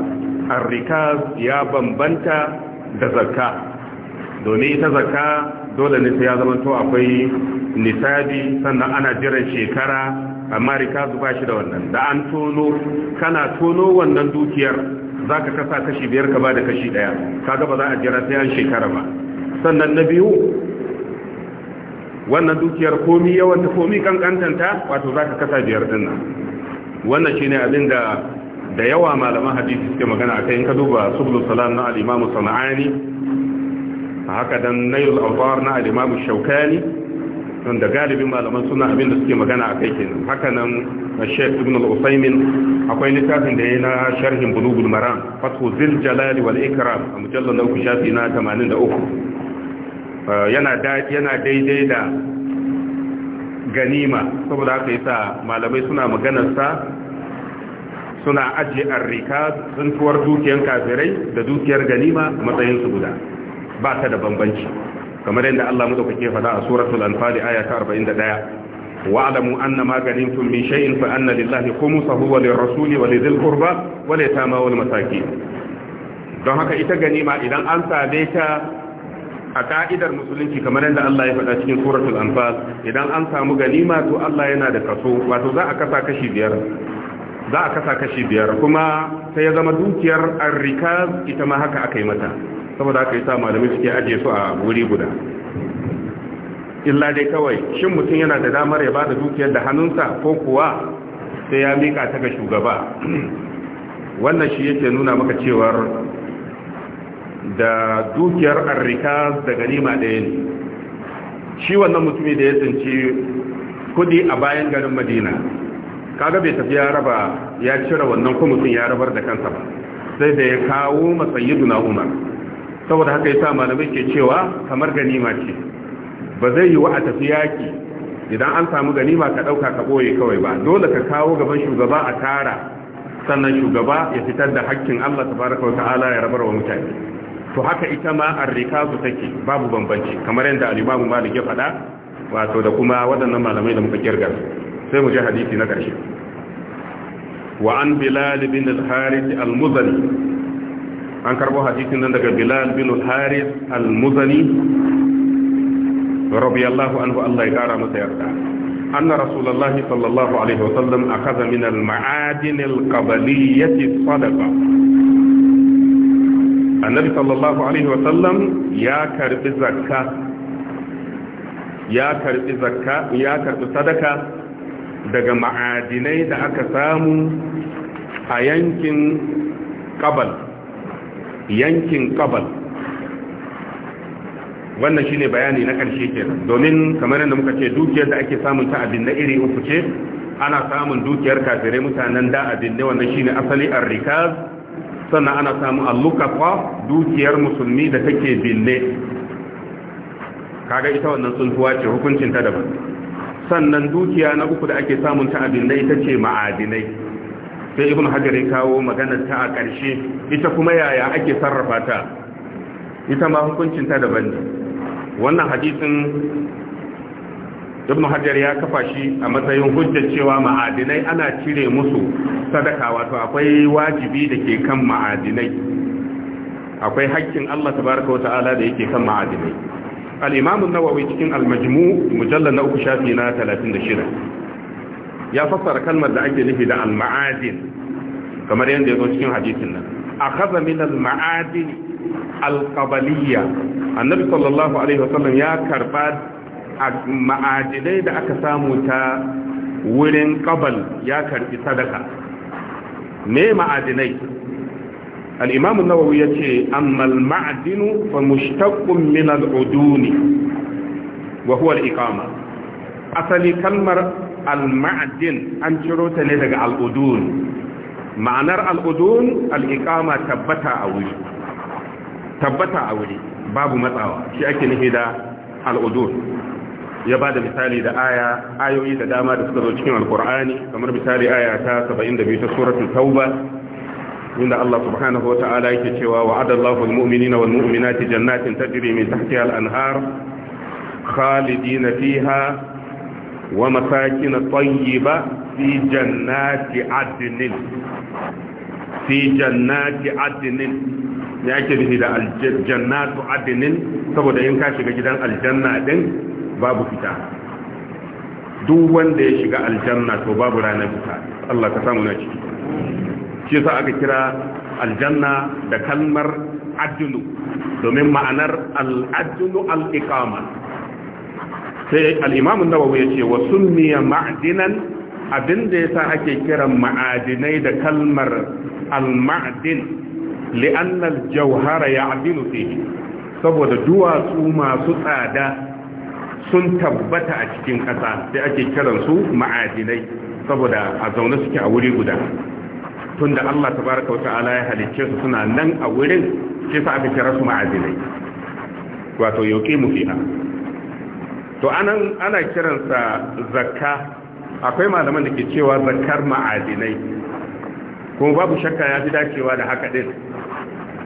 arrikaz ya bambanta da zakka domin ita zakka dole ne sai ya zama to akwai nisabi sannan ana jiran shekara amma rikazu ba shi da wannan da an tono kana tono wannan dukiyar za ka kasa kashi biyar ka ba da kashi ɗaya kaga ba za a jira sai an shekara ba sannan na biyu wannan dukiyar komi yawan ta komi kankantanta wato za ka kasa biyar din nan wannan ne abin da da yawa malaman hadisi suke magana akai in ka duba subul salam na alimamu sana'ani a haka dan nayul alfawar na alimamu shaukani don da galibin malaman suna abin da suke magana a kai kenan haka nan shek Ibn al-Usaymin akwai littafin da yi na sharhin bulugul Maram fatu Zil jalali wal Ikram a mujallar na uku shafi na 83 yana daidai da ganima saboda haka sa malamai suna maganar sa suna ajiye arrika tsuntuwar dukiyar kafirai da dukiyar ganima a matsayin su guda ba ta da bambanci kamar yadda Allah ke faɗa a suratul anfal aya ta 41 wa'lamu anna ma ganimtum min shay'in fa anna lillahi khumsahu wa lirrasuli wa lidhil qurba wa litama wal masakin don haka ita ganima idan an sade ta a ka'idar musulunci kamar yadda Allah ya faɗa cikin suratul anfal idan an samu ganima to Allah yana da kaso wato za a kasa kashi biyar za a kasa kashi biyar kuma sai ya zama dukiyar arrikaz ita ma haka aka yi mata saboda aka yi sa malamai suke ajiye su a wuri guda illa dai kawai shin mutum yana da damar ya ba da dukiyar da hannunsa ko kuwa sai ya mika ta ga shugaba *clears throat* wannan shi yake nuna maka cewar da dukiyar arrika da ganima ɗaya ne shi wannan mutumi da ya tsinci kudi a bayan garin madina kaga bai tafi ya raba ya cire wannan kuma mutum ya rabar da kansa ba sai da ya kawo duna umar saboda haka yasa malamai ke cewa kamar ganima ce ba zai yi wa a tafi yaki idan an samu ganima ka dauka ka boye kawai ba dole ka kawo gaban shugaba a tara sannan shugaba ya fitar da hakkin Allah tabaraka wa ta'ala ya rabar wa mutane to haka ita ma arrikazu take babu bambanci kamar yadda al-Imam Malik ya faɗa wato da kuma waɗannan malamai da muka kirga sai mu ji hadisi na ƙarshe wa an bilal bin al-harith al-muzani an karbo hadisin nan daga bilal bin al-haris al-muzani radiyallahu anhu Allah ya kara masa yarda anna rasulullah sallallahu alaihi wa sallam akhadha min al-ma'adin al-qabaliyyah sadaqa annabi sallallahu alaihi wa sallam ya karbi zakka ya karbi zakka ya karbi sadaka daga ma'adinai da aka samu a yankin qabal yankin kabal wannan shine bayani na ƙarshe kenan domin kamar yadda muka ce dukiyar da ake samun ta abin na iri uku ce ana samun dukiyar kafirai mutanen da abin ne wannan shine asali ar-rikaz sannan ana samun al-luqafa dukiyar musulmi da take binne kaga ita wannan tuwa ce hukuncin ta daban sannan dukiya na uku da ake samun ta abin ita ce ma'adinai sai ibn hajar ya kawo maganar ta a ƙarshe ita kuma yaya ake sarrafa ta ita ma hukuncin ta daban ne wannan hadisin ibn hajar ya kafa shi a matsayin hujjar cewa ma'adinai ana cire musu sadaka wato akwai wajibi da ke kan ma'adinai akwai hakkin Allah tabaraka wa ta'ala da yake kan ma'adinai al-imam an-nawawi cikin al-majmu' mujallal na uku na 36 ya fassara kalmar da ake nufi da al-ma'adin kamar yadda ya zo cikin hadisin nan akhadha min al-ma'adin al-qabaliyya annabi sallallahu alaihi wasallam ya karba ma'adinai da aka samu ta wurin qabal ya karbi sadaka me ma'adinai al-imam an-nawawi yace amma al-ma'dinu fa mushtaqqun min al-uduni wa huwa al-iqama asali kalmar al-ma'adin an ciro ta ne daga al'udun ma'anar al'udun al'iƙama tabbata a wuri tabbata a wuri babu matsawa shi ake nufi da al'udun ya ba da misali da aya ayoyi da dama da suka zo cikin alkur'ani kamar misali aya ta 72 ta suratun tauba inda Allah subhanahu wata'ala yake cewa wa'ada Allahu al-mu'minina wal jannatin ta min tahtiha al-anhar khalidina fiha wa masakin tayyiba fi jannati adnin fi jannati adnin ya ke nufi da aljannatu adnin saboda in ka shiga gidan aljanna din babu fita duk wanda ya shiga aljanna to babu ranar fita Allah ka samu na ciki shi yasa aka kira aljanna da kalmar adnu domin ma'anar al-adnu al-iqama sai al-imam ya ce yace wa sunniya ma'dinan abinda yasa ake kiran ma'adinai da kalmar al li'anar li'anna al-jawhara ya'dilu fihi saboda duwatsu masu tsada sun tabbata a cikin ƙasa sai ake kiransu ma'adinai saboda a zaune suke a wuri guda tunda Allah tabaraka wa ya halicce su suna nan a wurin sai sa aka kira su ma'adinai wato yauke mu fiha to anan ana kiransa zakka akwai malaman da ke cewa zakkar ma'adinai kuma babu shakka ya fi dacewa da haka ɗin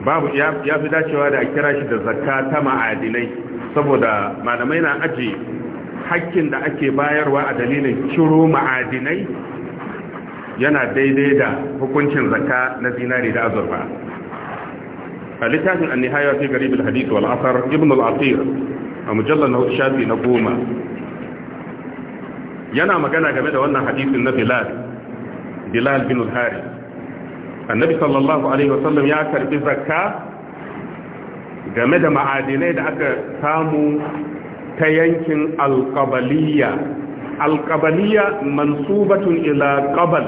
babu ya fi dacewa da a kira shi da zakka ta ma'adinai saboda malamai na aji hakkin da ake bayarwa a dalilin ciro ma'adinai yana daidai da hukuncin zakka na zinari da azurfa a littafin annihaya fi garibin hadith wal asar ibn al-asir a mujallar na shafi na goma yana magana game da wannan hadisin na bilal bilal bin al-hari annabi sallallahu alaihi wasallam ya karbi zakka game da ma'adinai da aka samu ta yankin alqabaliya alqabaliya mansubatun ila qabal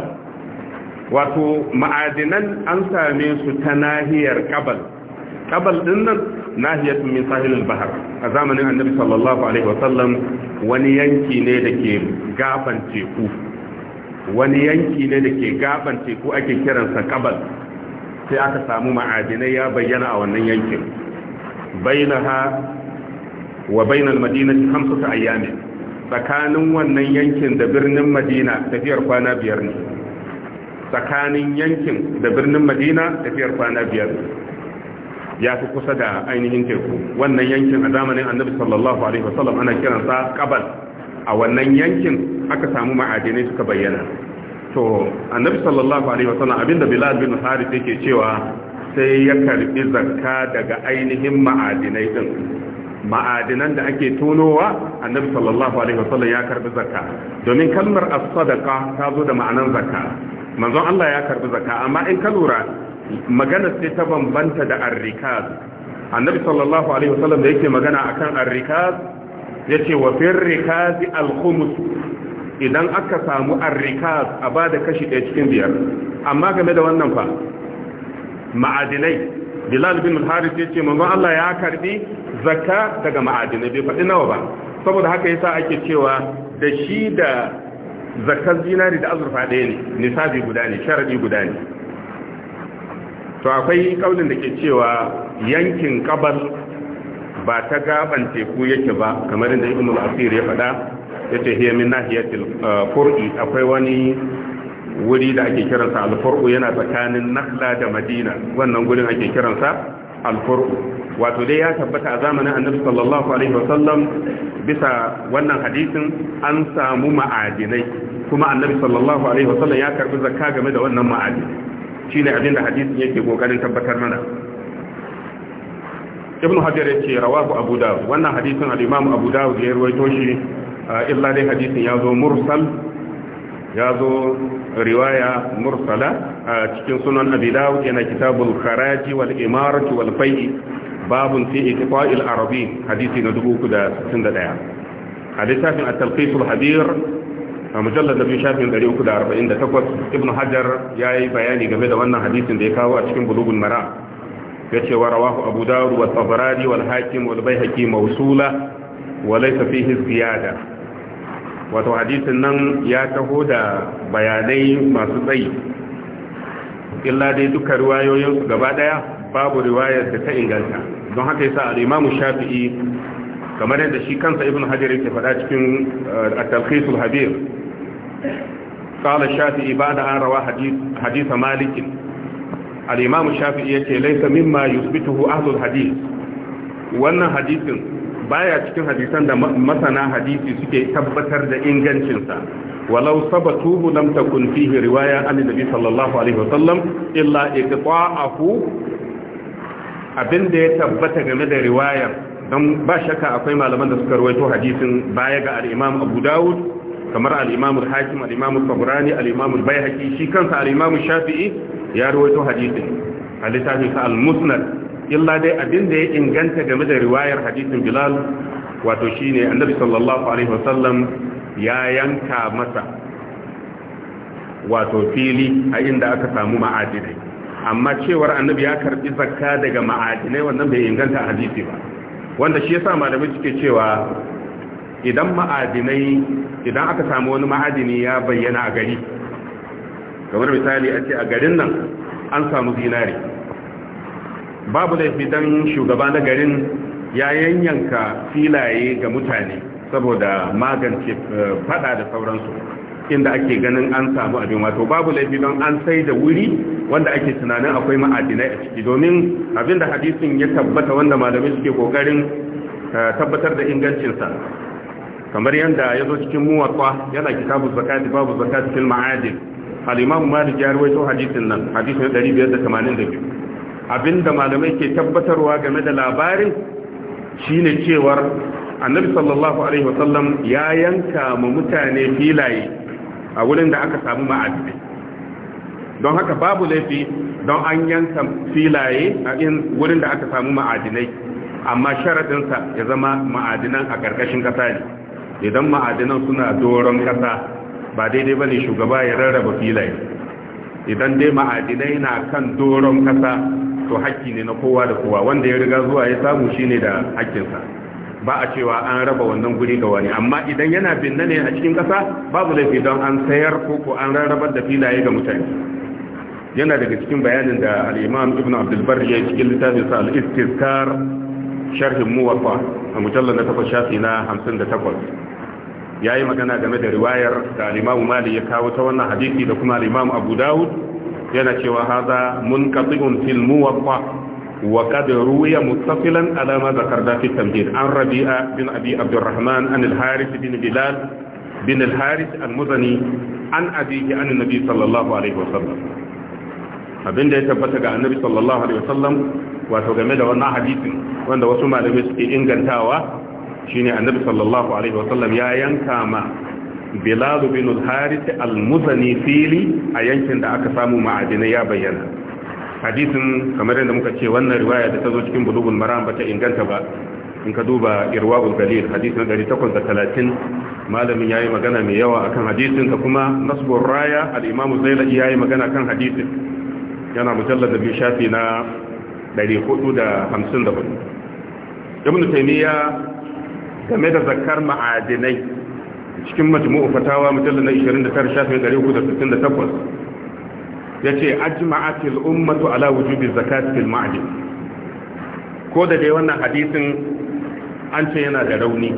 wato ma'adinan an same su ta nahiyar qabal kabal din nan nahiyatun min al bahar a zamanin annabi sallallahu alaihi wasallam wani yanki ne da ke gaban teku wani yanki ne da gaban teku ake kiransa kabal sai aka samu ma'adinai ya bayyana a wannan yankin bainaha wa bainal madinati khamsatu ayyamin tsakanin wannan yankin da birnin madina tafiyar kwana biyar ne tsakanin yankin da birnin madina tafiyar kwana biyar ne ya fi kusa da ainihin teku wannan yankin a zamanin annabi sallallahu alaihi wasallam ana kiransa kabal a wannan yankin aka samu ma'adinai suka bayyana to annabi sallallahu alaihi wasallam abinda bilal bin harith yake cewa sai ya karbi zakka daga ainihin ma'adinai din ma'adinan da ake tonowa annabi sallallahu alaihi wasallam ya karbi zakka domin kalmar as-sadaqa ta zo da ma'anar zakka manzon Allah ya karbi zakka amma in ka lura magana sai ta bambanta da arrikaz annabi sallallahu alaihi wasallam da yake magana akan arrikaz yace wa firrikaz rikaz idan aka samu arrikaz a bada kashi ɗaya cikin biyar amma game da wannan fa ma'adinai bilal bin al-harith yace manzon Allah ya karbi zakka daga ma'adinai bai faɗi nawa ba saboda haka yasa ake cewa da shi da zakkar zinari da azurfa ɗaya ne nisabi guda ne sharadi guda ne to akwai kaulin da ke cewa yankin kabar ba ta gaban teku yake ba kamar inda ibn al-asir ya faɗa yace hiya min nahiyatil qur'i uh, akwai wani wuri da ake kiransa al-furqu yana tsakanin nakhla da madina wannan gurin ake kiransa al-furqu wato dai ya tabbata a zamanin annabi sallallahu alaihi wasallam bisa wannan hadisin an samu ma'adinai kuma annabi sallallahu alaihi wasallam ya karbi zakka game da wannan ma'adinai shine abin da hadisin yake ƙoƙarin tabbatar mana ibnu hajar ce rawahu abu dawud wannan hadisin al-imam abu dawud ya rawaito shi uh, illa dai hadisin ya zo mursal ya zo riwaya mursala a uh, cikin sunan abi dawud yana kitabul kharaji wal imarati wal fai'i babun fi ittifa'il arabi hadisi na 361 a littafin at-talqis hadir a mujallar da biyu shafin 348 ibn hajar ya yi bayani game da wannan hadisin da ya kawo a cikin bulugun mara ya ce wa rawahu abu daru wa tsabarari wal hakim wal bai haƙi mausula wa laifa fihi wato hadisin nan ya taho da bayanai masu tsayi illa dai duka riwayoyinsu gaba daya babu riwayar da ta inganta don haka yasa al-imamu shafi'i kamar yadda shi kansa ibn hajar yake faɗa cikin eh, at-talqis al-habir قال الشافعي بعد أن روى حديث, حديث مالك الإمام الشافعي يكي ليس مما يثبته أهل الحديث hadisin حديث baya cikin hadisan da masana hadisi suke tabbatar da ingancinsa walau sabatuhu lam takun fihi riwaya an nabi sallallahu alaihi wasallam illa iqta'ahu abinda ya tabbata game da riwayar dan ba shakka akwai malaman da suka rawaito hadisin baya ga al-Imam Abu Dawud kamar al hakim al-Imam al-Tabrani al shi kansa al-Imam Shafi'i ya rawaito hadisin a littafinsa al-Musnad illa dai abinda ya inganta game da riwayar hadisin Bilal wato shine Annabi sallallahu alaihi wasallam ya yanka masa wato fili a inda aka samu ma'adinai amma cewar annabi ya karbi zakka daga ma'adinai wannan bai inganta hadisi ba wanda shi yasa malamai suke cewa idan ma'adinai idan aka samu wani ma'adini ya bayyana a gari kamar misali a ce a garin nan an samu zinari babu laifi don shugaba na garin ya yanyanka filaye ga mutane saboda magance eh, fada da sauransu inda ake ganin an samu abin wato babu laifi don an sai da wuri wanda ake tunanin akwai ma'adinai a ciki domin abinda hadisin ya tabbata wanda malamai suke kokarin eh, tabbatar da ingancinsa kamar yadda ya zo cikin muwatta yana kitabu zakati babu zakati fil ma'adin al-imam malik ya rawaito hadisin nan hadisin 582 abinda malamai ke tabbatarwa game da labarin shine cewar annabi sallallahu alaihi wasallam ya yanka ma mutane filaye a wurin da aka samu ma'adinai don haka babu laifi don an yanka filaye a wurin da aka samu ma'adinai amma sharaɗinsa ya zama ma'adinan a ƙarƙashin ƙasa ne idan ma'adinan suna doron kasa ba daidai ba ne shugaba ya rarraba filaye idan dai ma'adinai na kan doron kasa to haƙƙi ne na kowa da kowa wanda ya riga zuwa ya samu shine da haƙƙinsa. ba a cewa an raba wannan guri ga wani amma idan yana binne ne a cikin kasa babu laifi don an sayar ko an rarrabar da filaye ga mutane yana daga cikin bayanin da al-Imam Ibn Abdul ya ya cikin littafinsa sa al-Istizkar sharhin muwafa a mujallar na takwas shafi na hamsin da takwas ya yi magana game da riwayar da alimamu mali ya kawo ta wannan hadisi da kuma alimamu abu dawud yana cewa haza mun katsi'un fil muwafa wa kad ruya muttafilan alama da karda fi tamhid an rabi'a bin abi abdurrahman an al bin bilal bin al al-muzani an abihi an an-nabi sallallahu alaihi wasallam abin da ya tabbata ga annabi sallallahu alaihi wasallam wato game da wannan hadisin wanda wasu malamai suke ingantawa shine annabi sallallahu alaihi wasallam ya yanka ma bilal bin al-harith al-muzani fili a yankin da aka samu ma'adinai ya bayyana hadisin kamar yadda muka ce wannan riwaya da ta zo cikin bulugul maram ba ta inganta ba in ka duba irwaul galil hadisi da 830 malamin yi magana mai yawa akan kan hadisinka kuma nasbur raya al-imam ya yi magana kan hadisin yana mujallar da biyu shafi na 454 ibn taimiyya game da zakar ma'adinai cikin majmu'u fatawa mujallar na 29 shafi 368 ya ce ajma'atil ummatu ala wujubi zakatil ma'adin ko da dai wannan hadisin an ce yana da rauni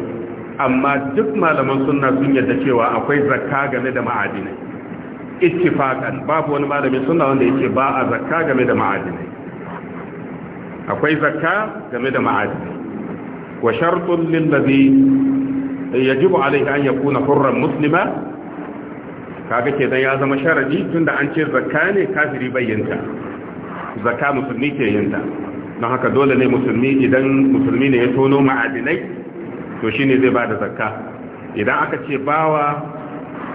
amma duk malaman suna sun yadda cewa akwai zakka game da ma'adinai ittifaqan babu wani malamin sunna wanda yake ba a zakka game da ma'adinai akwai zakka game da ma'adinai wa shartun lil ladhi yajibu alayhi an yakuna hurran muslima kaga ke dan ya zama sharadi tunda an ce zakka ne kafiri bayyanta zakka musulmi ke yinta don haka dole ne musulmi idan musulmi ne ya tono ma'adinai to shine zai ba da zakka idan aka ce bawa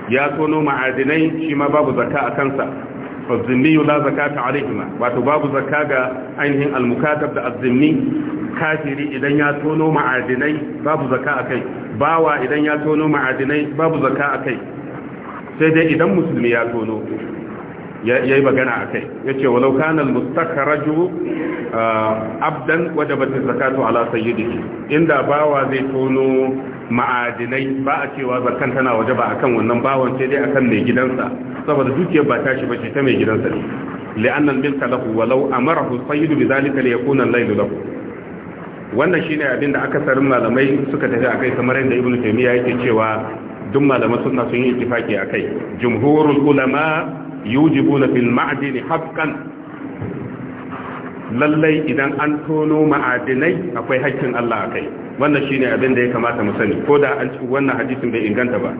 ya tono ma'adinai shi ma babu zaka a kansa azzimmi la zakata alaihi wato babu zaka ga ainihin almukatab da azzimmi kafiri idan ya tono ma'adinai babu zaka akai bawa idan ya tono ma'adinai babu zaka akai sai dai idan musulmi ya tono ya yi magana a kai ya ce walau kanan raju ah, abdan wadda ba ta zakatu ala sayyidi inda bawa zai tono ma'adinai ba a cewa zakan tana waje ba akan wannan bawan sai dai akan mai gidansa saboda dukiyar ba ta shi ba ce ta mai gidansa ne li'annan milka lahu walau amarahu sayyidu bi zalika li yakuna laylu lahu wannan shine abin da akasarin malamai suka tafi akai kamar yadda ibnu taymiya yake cewa duk malaman sunna sun yi ittifaki akai jumhurul ulama yujibuna fil ma'dini haqqan lallai idan an tono ma'adinai akwai haƙƙin Allah akai wannan shine abin da ya kamata mu sani ko da an ci wannan hadisin bai inganta ba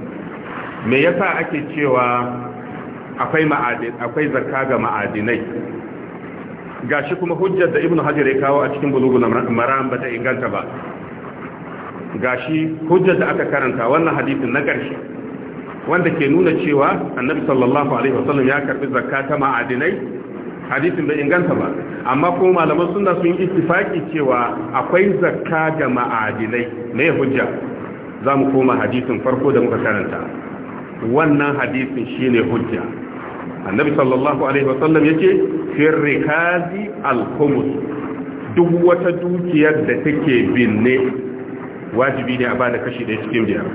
me yasa ake cewa akwai ma'adin akwai zakka ga ma'adinai gashi kuma hujjar da ibnu hajar ya kawo a cikin bulugul maram bata inganta ba gashi hujjar da aka karanta wannan hadisin na ƙarshe wanda ke nuna cewa annabi sallallahu alaihi wasallam ya karbi zakka ta ma'adinai hadisin bai inganta ba amma kuma malaman sunna sun yi ittifaki cewa akwai zakka ga ma'adinai me hujja za mu koma hadisin farko da muka karanta wannan hadisin shine hujja annabi sallallahu alaihi wasallam yace fir rikazi al-khumus duk wata dukiyar da take binne wajibi ne a bada kashi da cikin biyar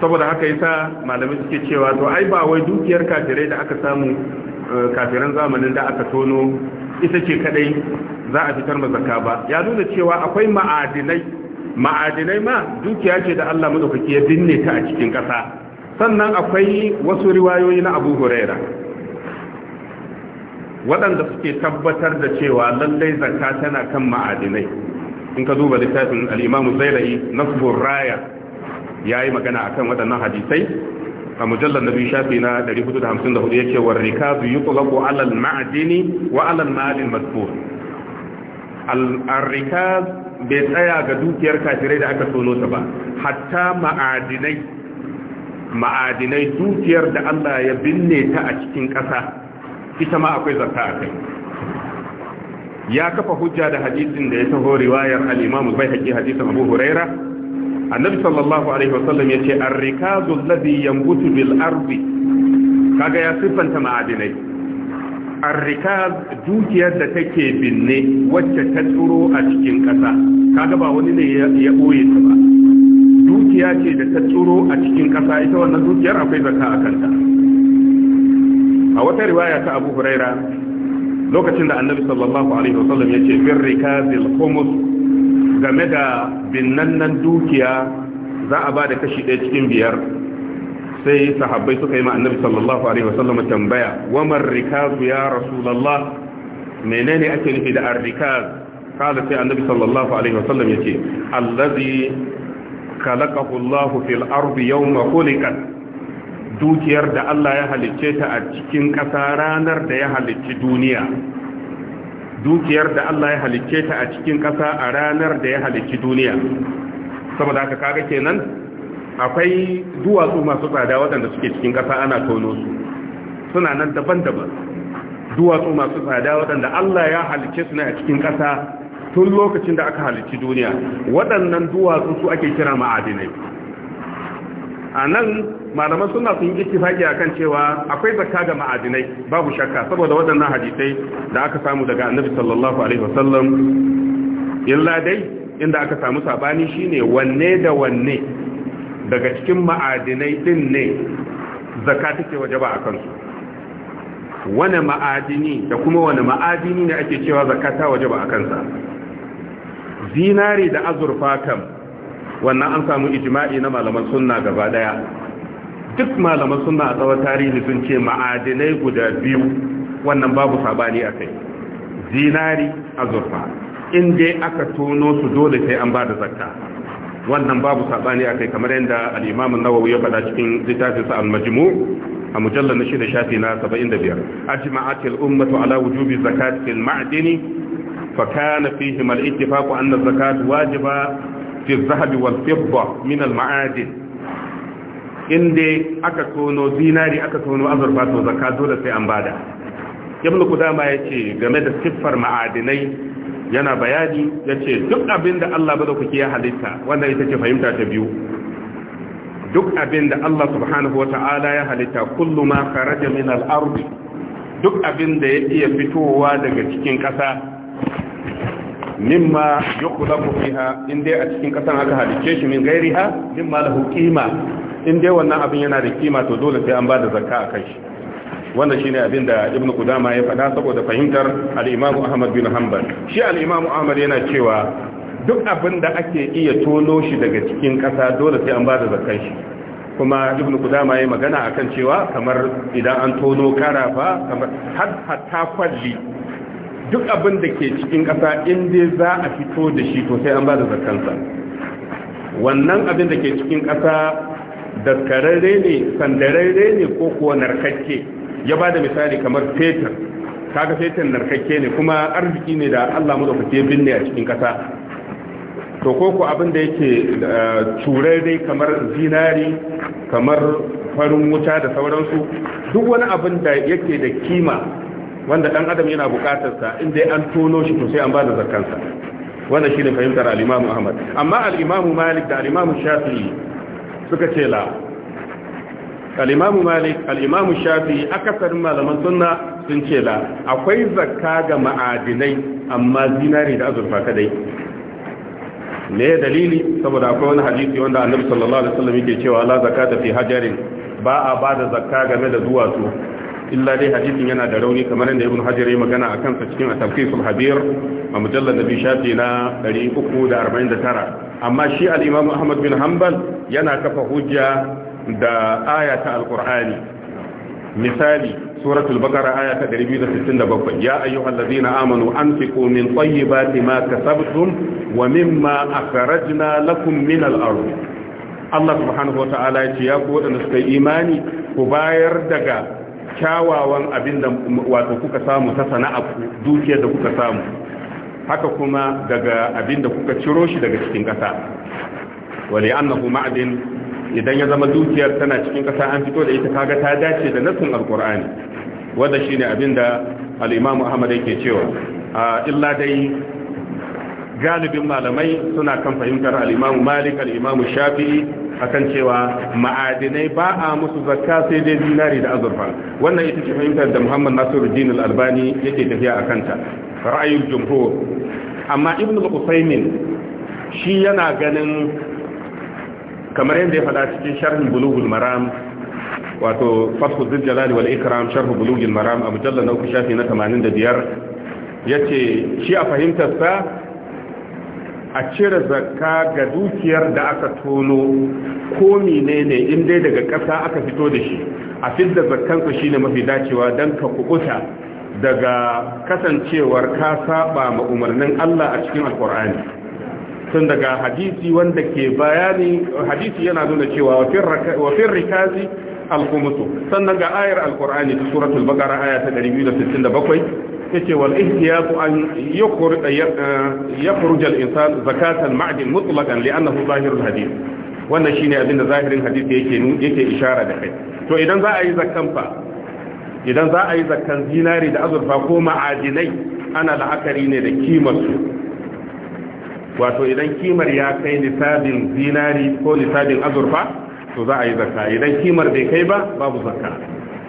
saboda haka yasa malamai suke cewa to ai ba wai dukiyar kafirai da aka samu eh, kafiran zamanin da aka tono ita ce kadai za a fitar mazaka ba ya nuna cewa akwai ma'adinai ma'adinai ma dukiya ce da Allah madaukaki ya binne ta a cikin ƙasa sannan akwai wasu riwayoyi na Abu Huraira waɗanda suke tabbatar da cewa lallai zakka tana kan ma'adinai in ka duba littafin al-Imam Zailai Nasbur Raya ya yi magana a kan waɗannan hadisai a mujallar na biyu shafi na 454 ya ce wa biyu yi tsulako alal ma'adini wa alal ma'adin mazkur al bai tsaya ga dukiyar kafirai da aka tono ta ba hatta ma'adinai ma'adinai dukiyar da Allah ya binne ta a cikin ƙasa ita ma akwai zakka a kai ya kafa hujja da hadisin da ya taho riwayar al bai haƙi hadisin Abu Huraira annabi sallallahu alaihi wasallam yace ar-rikazu alladhi yanbutu bil ardi kaga ya siffanta ma'adinai ar-rikaz dukiyar da take binne wacce ta tsuro a cikin kasa kaga ba wani ne ya boye ta ba dukiya ce da ta tsuro a cikin kasa ita wannan dukiyar akwai zakka a kanta a wata riwaya ta Abu Huraira lokacin da annabi sallallahu alaihi wasallam yace bir rikazil khumus game da binnannan dukiya za a ba da kashi ɗaya cikin biyar sai sahabbai suka yi ma annabi sallallahu alaihi wasallam tambaya wa marrikazu ya rasulullah menene ake nufi da arrikaz kada sai annabi sallallahu alaihi wasallam yace allazi khalaqahu Allah fil ardi yawma khuliqat dukiyar da Allah ya halicce ta a cikin ƙasa ranar da ya halicci duniya dukiyar da Allah ya halicce ta a cikin ƙasa a ranar da ya halicci duniya saboda haka kaga kenan akwai duwatsu masu tsada waɗanda suke cikin ƙasa ana tono su suna nan daban-daban duwatsu masu tsada waɗanda Allah ya halicce su ne a cikin ƙasa tun lokacin da aka halicci duniya waɗannan duwatsu su ake kira ma'adinai a nan malaman suna sun yi ittifaki akan cewa akwai zakka ga ma'adinai babu shakka saboda waɗannan hadisai da aka samu daga annabi sallallahu alaihi wasallam illa dai inda aka samu sabani shine wanne da wanne daga cikin ma'adinai din ne zakka take wajaba a kansu wani ma'adini da kuma wani ma'adini ne ake cewa zakka ta wajaba a kansa zinari da azurfa kam wannan an samu ijma'i na malaman sunna gaba daya duk malaman suna a tsawon tarihi sun ce ma'adinai guda biyu wannan babu sabani a kai zinari azurfa in dai aka tono su dole sai an ba da zakka wannan babu sabani a kai kamar yadda al'imamun nawawi ya faɗa cikin littafinsa al-majmu a mujallar na shida shafi na 75 ajma'atil ummatu ala wujubi zakati al-ma'dini fa kana fihi al-ittifaq anna az wajiba fi adh-dhahabi wal-fidda min al-ma'adin inda aka tono zinari aka tono azurfa to zakka dole sai an bada ibn kudama yace game da siffar ma'adinai yana bayani yace duk abinda da Allah kuke ya halitta wannan ita ce fahimta ta biyu duk abinda Allah subhanahu wata'ala ya halitta kullu ma kharaja min al ardh duk abin da ya iya fitowa daga cikin kasa. mimma yukhlabu fiha in dai a cikin kasan aka halice shi min gairiha mimma lahu qima in dai wannan abin yana da kima to dole sai an ba da zakka akan shi wannan shine abin da ibnu qudama ya faɗa saboda fahimtar al imamu ahmad bin hanbal shi al imamu ahmad yana cewa duk abin da ake iya tono shi daga cikin kasa dole sai an ba da zakkan shi kuma ibn kudama ya magana akan cewa kamar idan an tono karafa kamar hatta kwalli duk abin da ke cikin ƙasa in dai za a fito da shi to sai an ba da zarkansa wannan abin da ke cikin ƙasa daskararre ne sandararre ne ko kuwa narkakke ya ba da misali kamar fetur kaga fetur narkakke ne kuma arziki ne da allah madaukake binne a cikin ƙasa to ko ku abin da yake kamar zinari kamar farin wuta da sauransu duk wani abin da yake da kima wanda dan adam yana bukatar sa inda an tono shi to sai an bada zakkan sa wannan shine fahimtar al-Imam Ahmad amma al-Imam Malik da al-Imam Shafi'i suka ce la al-Imam Malik al-Imam Shafi'i akasarin malaman sunna sun ce la akwai zakka ga ma'adinai amma zinari da azurfa kadai ne dalili saboda akwai wani hadisi wanda annabi sallallahu alaihi wasallam yake cewa la zakata fi hajarin ba a bada zakka game da duwatsu illa dai hadisin yana da rauni kamar yadda ibn hajar ya magana a kansa cikin at-tafsirul habir a mujallal nabi shafi na 349 amma shi al-imam ahmad bin hanbal yana kafa hujja da ayata al-qur'ani misali suratul baqara aya ta 267 ya ayyuhallazina amanu anfiqu min tayyibati ma kasabtum wa mimma akhrajna lakum min al-ardh Allah subhanahu wa ta'ala ya ce ya ku waɗanda suka imani ku bayar daga kyawawan abin da wato kuka samu ta sana'a dukiyar da kuka samu haka kuma daga abin da kuka ciro shi daga cikin ƙasa wale annahu ma'adin idan ya zama dukiyar tana cikin ƙasa an fito da ita kaga ta dace da nasin alkur'ani wanda shine abin da al-imamu ahmad yake cewa illa dai galibin malamai suna kan fahimtar al-imamu malik al-imamu shafi'i akan cewa ma'adinai ba a musu zakka sai dai dinari da azurfa wannan ita ce fahimtar da Muhammad Nasiruddin Al-Albani yake tafiya a kanta ra'ayin jumhur amma Ibn Qusaymin shi yana ganin kamar yadda ya faɗa cikin sharhin Bulughul Maram wato Fathu Dhil Jalali wal Ikram sharh Bulughul Maram a mujallal na 3 shafi na 85 yace shi a fahimtar sa a cire zakka ga dukiyar da aka tono ko menene in dai daga ƙasa aka fito da shi a fidda zakkansa shine mafi dacewa don ka kukuta daga kasancewar ka saba ma umarnin Allah a cikin alkur'ani tun daga hadisi wanda ke bayani hadisi yana nuna cewa wa fir rikazi alqumutu sannan ga ayar alkur'ani ta suratul baqara aya ta 267 yace wal ihtiyatu an eh, yakhruj al insan zakatan ma'din mutlaqan li'annahu zahirul hadith wannan shine abinda zahirin hadisi yake yake ishara da kai to idan za a yi zakkan fa idan za a yi zakkan zinari da azurfa ko ma'adinai ana la'akari ne da kimar su wato idan kimar ya kai nisabin zinari ko nisabin azurfa to za a yi zakka idan kimar bai kai ba babu zakka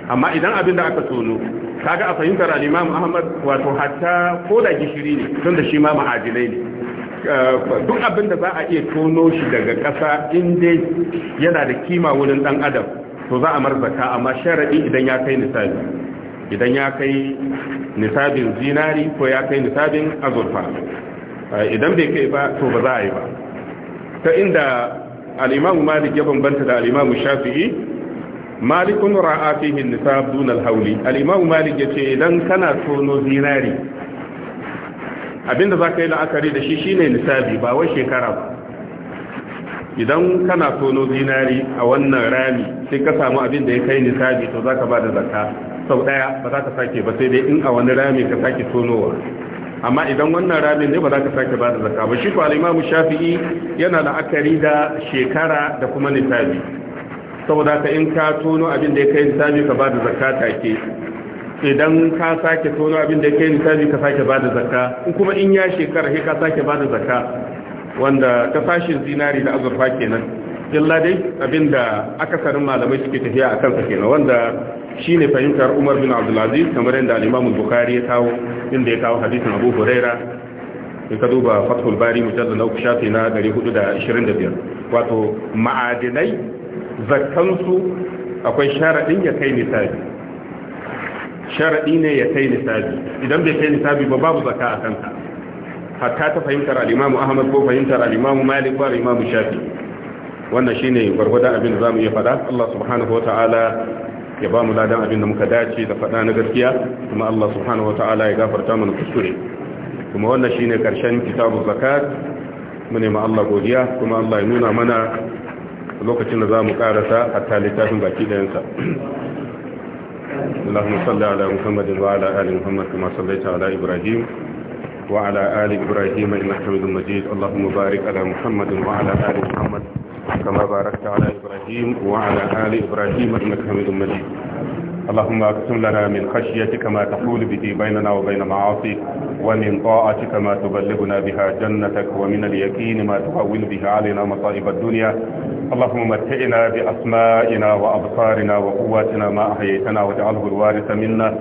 amma idan abin da aka tono kaga a fahimtar al-Imam Ahmad wato hatta ko da gishiri ne tun da shi ma ma'adinai ne eh, duk abin da za a iya tono shi daga ƙasa in dai yana da kima wurin dan adam to za a marzaka amma sharadi idan ya kai nisabi idan ya kai nisabin zinari ko ya kai nisabin azurfa eh, idan bai kai ba to ba za a yi ba ta inda al-Imam Malik ya bambanta da al-Imam Shafi'i malikun ra'a fihi nisab dun al Malik ya ce idan kana tono zinari abinda ka yi la'akari da shi shine nisabi ba wai shekara ba idan kana tono zinari a wannan rami sai ka samu abin da ya kai nisabi to zaka ba da zakka sau daya ba za ka sake ba sai dai in a wani rami ka sake tonowa amma idan wannan ramin ne ba za ka sake ba da zakka ba shi ko al-imam shafi'i yana la'akari da shekara da kuma nisabi saboda ka in ka tono abin da ya kai nisabi ka bada zakka ke idan ka sake tono abin da ya kai nisabi ka sake bada zakka in kuma in ya shekara sai ka sake bada zakka wanda ta fashin zinari da azurfa kenan illa dai abin da sarin malamai suke tafiya a kansa kenan wanda shine fahimtar Umar bin Abdul Aziz kamar yadda al-Imam Bukhari ya kawo inda ya kawo hadisin Abu Huraira in ka duba Fathul Bari mujallal na 3 shafi na 425 wato ma'adinai zakkansu akwai sharaɗin ya kai nisabi sharaɗi ne ya kai nisabi idan bai kai nisabi ba babu zakka a kanta hatta ta fahimtar al'imamu ahmad ko fahimtar al'imamu malik ko al'imamu shafi wannan shine gwargwadon abin da zamu iya faɗa Allah subhanahu wa ya ba mu ladan abin da muka dace da faɗa na gaskiya kuma Allah subhanahu wa ta'ala ya gafarta mana kuskure kuma wannan shine karshen kitabu zakat mu ne ma Allah godiya kuma Allah ya nuna mana lokacin da za mu karasa a talitafin baki ɗayansa Allahumma اللهم اكتم لنا من خشيتك ما تحول به بيننا وبين معاصيك ومن طاعتك ما تبلغنا بها جنتك ومن اليقين ما تهون به علينا مصائب الدنيا اللهم متعنا بأسمائنا وأبصارنا وقواتنا ما أحييتنا واجعله الوارث منا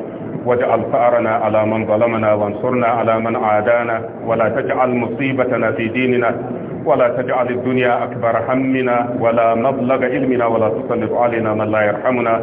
واجعل فأرنا على من ظلمنا وانصرنا على من عادانا ولا تجعل مصيبتنا في ديننا ولا تجعل الدنيا أكبر همنا ولا مبلغ علمنا ولا تسلط علينا من لا يرحمنا